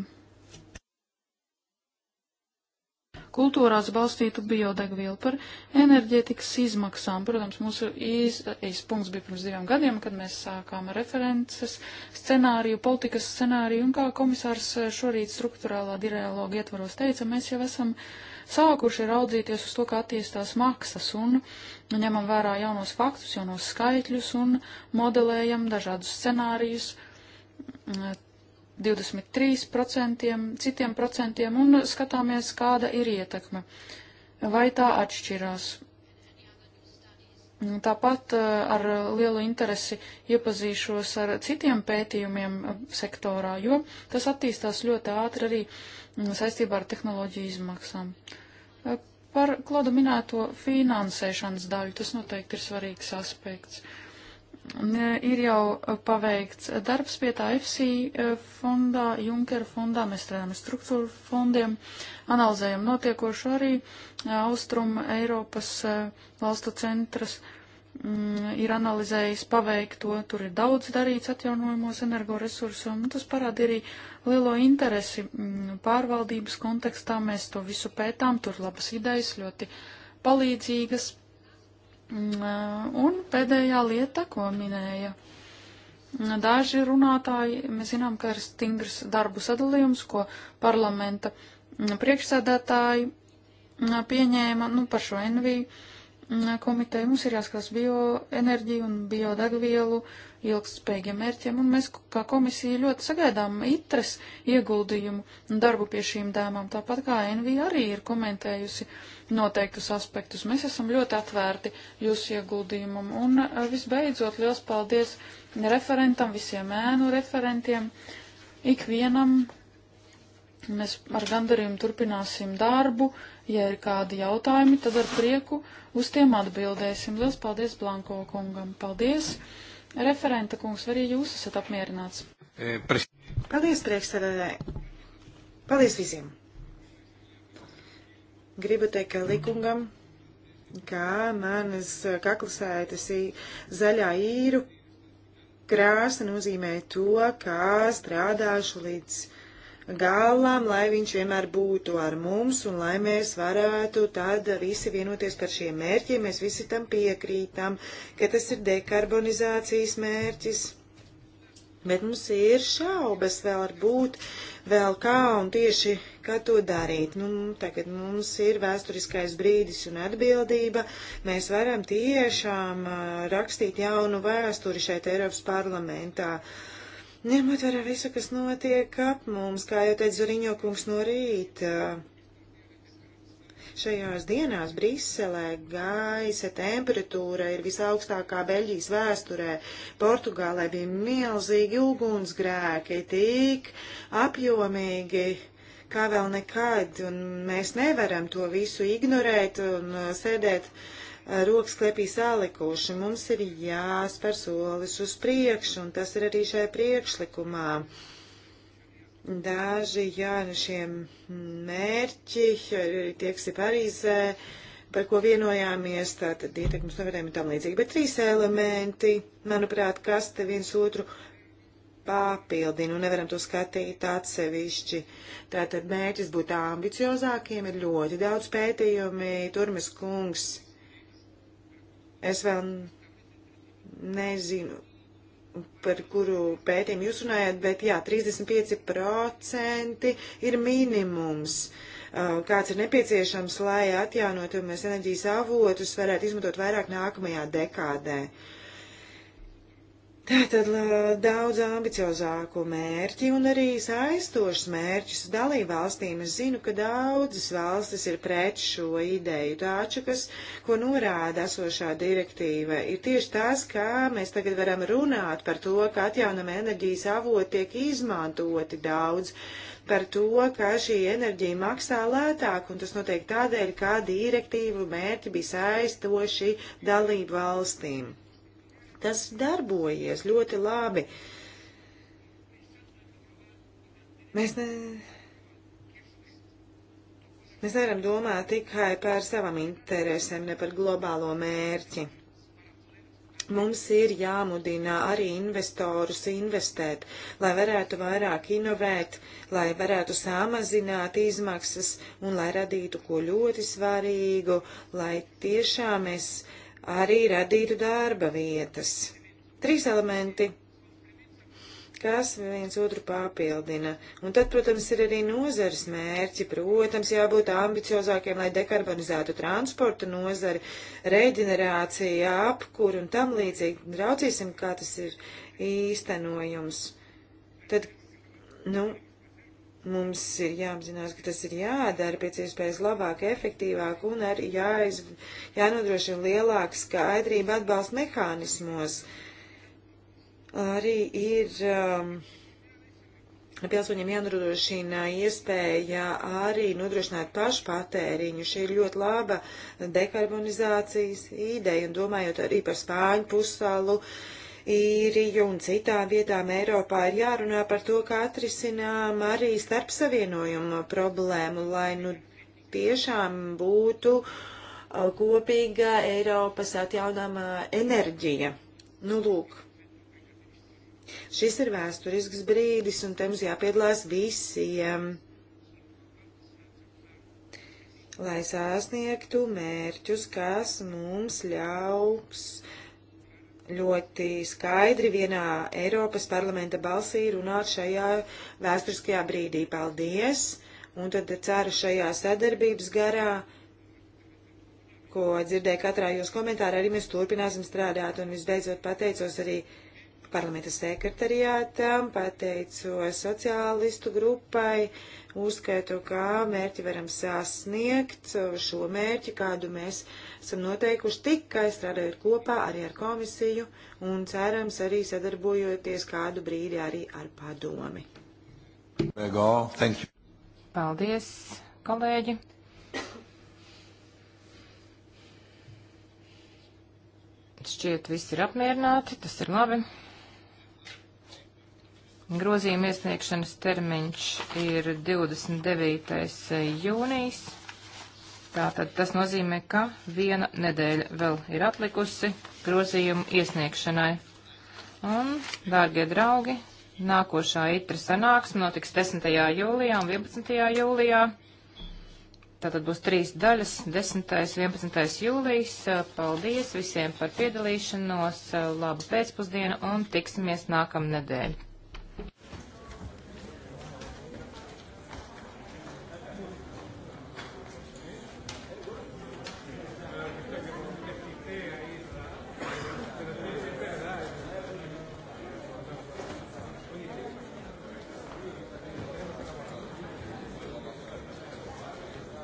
kultūrās balstītu biodegvielu par enerģētikas izmaksām. Protams, mūsu īstais punkts bija pirms diviem gadiem, kad mēs sākām references scenāriju, politikas scenāriju, un kā komisārs šorīt struktūrālā dialoga ietvaros teica, mēs jau esam sākuši raudzīties uz to, kā attīstās maksas, un ņemam vērā jaunos faktus, jaunos skaitļus, un modelējam dažādus scenārijus. Uh, 23%, citiem procentiem un skatāmies, kāda ir ietekme. Vai tā atšķirās? Tāpat eh, ar lielu interesi iepazīšos ar citiem pētījumiem eh, sektorā, jo tas attīstās ļoti ātri arī mm, saistībā ar tehnoloģiju izmaksām. Eh, par Kloda minēto finansēšanas daļu tas noteikti ir svarīgs aspekts. Uh, ir jau paveikts darbs pie tā FC eh, fondā, Junkera fondā, mēs strādājam struktūru fondiem, analizējam notiekošo arī eh, Austrum Eiropas eh, valstu centras mm, ir analizējis paveikto, tur ir daudz darīts atjaunojumos energoresursu, un tas parāda arī lielo interesi mm, pārvaldības kontekstā, mēs to visu pētām, tur labas idejas, ļoti palīdzīgas Mm, un pēdējā lieta, ko minēja daži runātāji, mēs zinām, ka ir stingrs darbu sadalījums, ko parlamenta priekšsēdētāji mm, pieņēma nu, par šo NVI komiteja mums ir jāskatās bioenerģiju un biodegvielu ilgspējīgiem mērķiem, un mēs kā komisija ļoti sagaidām itres ieguldījumu un darbu pie šīm dēmām, tāpat kā NV arī ir komentējusi noteiktus aspektus. Mēs esam ļoti atvērti jūsu ieguldījumam, un visbeidzot liels paldies referentam, visiem ēnu referentiem, ikvienam. Mēs ar gandarījumu turpināsim darbu Ja ir kādi jautājumi, tad ar prieku uz tiem atbildēsim. Lielas paldies Blanko kungam. Paldies. Referenta kungs, arī jūs esat apmierināts. E, paldies, priekšsēdētāji. Paldies visiem. Gribu teikt, ka likungam, kā manas kaklasētas zaļā īru krāsa nozīmē to, kā strādāšu līdz galam, lai viņš vienmēr būtu ar mums un lai mēs varētu tad visi vienoties par šiem mērķiem. Mēs visi tam piekrītam, ka tas ir dekarbonizācijas mērķis. Bet mums ir šaubas vēl ar būt, vēl kā un tieši kā to darīt. Nu, tagad mums ir vēsturiskais brīdis un atbildība. Mēs varam tiešām rakstīt jaunu vēsturi šeit Eiropas parlamentā. Uh, Ņemot vērā visu, kas notiek ap mums, kā jau teica Zariņo kungs no rīta, šajās dienās Briselē gaisa temperatūra ir visaugstākā Beļģijas vēsturē, Portugālē bija milzīgi ugunsgrēki, tik apjomīgi kā vēl nekad, un mēs nevaram to visu ignorēt un sēdēt. Uh, rokas klēpī salikuši. Mums ir jāspēr solis uz priekšu, un tas ir arī šajā priekšlikumā. Daži, jā, no nu, šiem mērķi, tieksi Parīzē, par ko vienojāmies, tātad ietekmes novērtējumi tam līdzīgi, bet trīs elementi, manuprāt, kas te viens otru papildina un nevaram to skatīt atsevišķi. Tātad mērķis būt ambiciozākiem ir ļoti daudz pētījumi, Turmes kungs Es vēl nezinu, par kuru pētījumu jūs runājat, bet jā, 35% ir minimums, uh, kāds ir nepieciešams, lai atjaunotumies enerģijas avotus varētu izmantot vairāk nākamajā dekādē. Uh, Tātad daudz ambiciozāku mērķi un arī saistošs mērķus dalībvalstīm. Es zinu, ka daudzas valstis ir pret šo ideju. Taču, kas, ko norāda esošā direktīva, ir tieši tas, kā mēs tagad varam runāt par to, ka atjaunama enerģijas avoti tiek izmantoti daudz, par to, ka šī enerģija maksā lētāk, un tas notiek tādēļ, kā direktīvu mērķi bija saistoši dalībvalstīm tas darbojies ļoti labi. Mēs ne. Mēs nevaram domāt tikai par savam interesēm, ne par globālo mērķi. Mums ir jāmudina arī investorus investēt, lai varētu vairāk inovēt, lai varētu samazināt izmaksas un lai radītu ko ļoti svarīgu, lai tiešām mēs arī radītu darba vietas. Trīs elementi kas viens otru papildina. Un tad, protams, ir arī nozares mērķi. Protams, jābūt ambiciozākiem, lai dekarbonizētu transporta nozari, reģenerāciju, apkuru un tam līdzīgi. Raucīsim, kā tas ir īstenojums. Tad, nu, Mums ir jāapzinās, ka tas ir jādara pēc iespējas labāk, efektīvāk un arī jāiz, jānodrošina lielāka skaidrība atbalsta mehānismos. Arī ir um, pilsoņiem jānodrošina iespēja arī nodrošināt pašpatēriņu. Šī ir ļoti laba dekarbonizācijas ideja un domājot arī par Spāņu pussalu. Uh, īriju un citām vietām Eiropā ir jārunā par to, kā atrisinām arī starpsavienojumu problēmu, lai nu tiešām būtu uh, kopīga Eiropas atjaunamā enerģija. Nu, lūk, Šis ir vēsturisks brīdis, un tam jāpiedalās visiem, lai sasniegtu mērķus, kas mums ļauks ļoti skaidri vienā Eiropas parlamenta balsī runāt šajā vēsturiskajā brīdī. Paldies! Un tad ceru šajā sadarbības garā, ko dzirdēju katrā jūs komentārā, arī mēs turpināsim strādāt. Un visbeidzot pateicos arī uh, parlamenta sekretariātam, pateicos sociālistu grupai, uzskaitu, kā mērķi varam sasniegt šo mērķi, kādu mēs esam noteikuši tikai strādājot kopā arī ar komisiju un cerams arī sadarbojoties kādu brīdi arī ar padomi. Paldies, kolēģi! Šķiet, visi ir apmierināti, tas ir labi. Grozījuma iesniegšanas termiņš ir 29. jūnijas. Tātad tas nozīmē, ka viena nedēļa vēl ir atlikusi grozījumu iesniegšanai. Un, dārgie draugi, nākošā itra sanāksme notiks 10. jūlijā un 11. jūlijā. Tātad būs trīs daļas - 10. un 11. jūlijas. Paldies visiem par piedalīšanos, labu pēcpusdienu un tiksimies nākamnedēļ.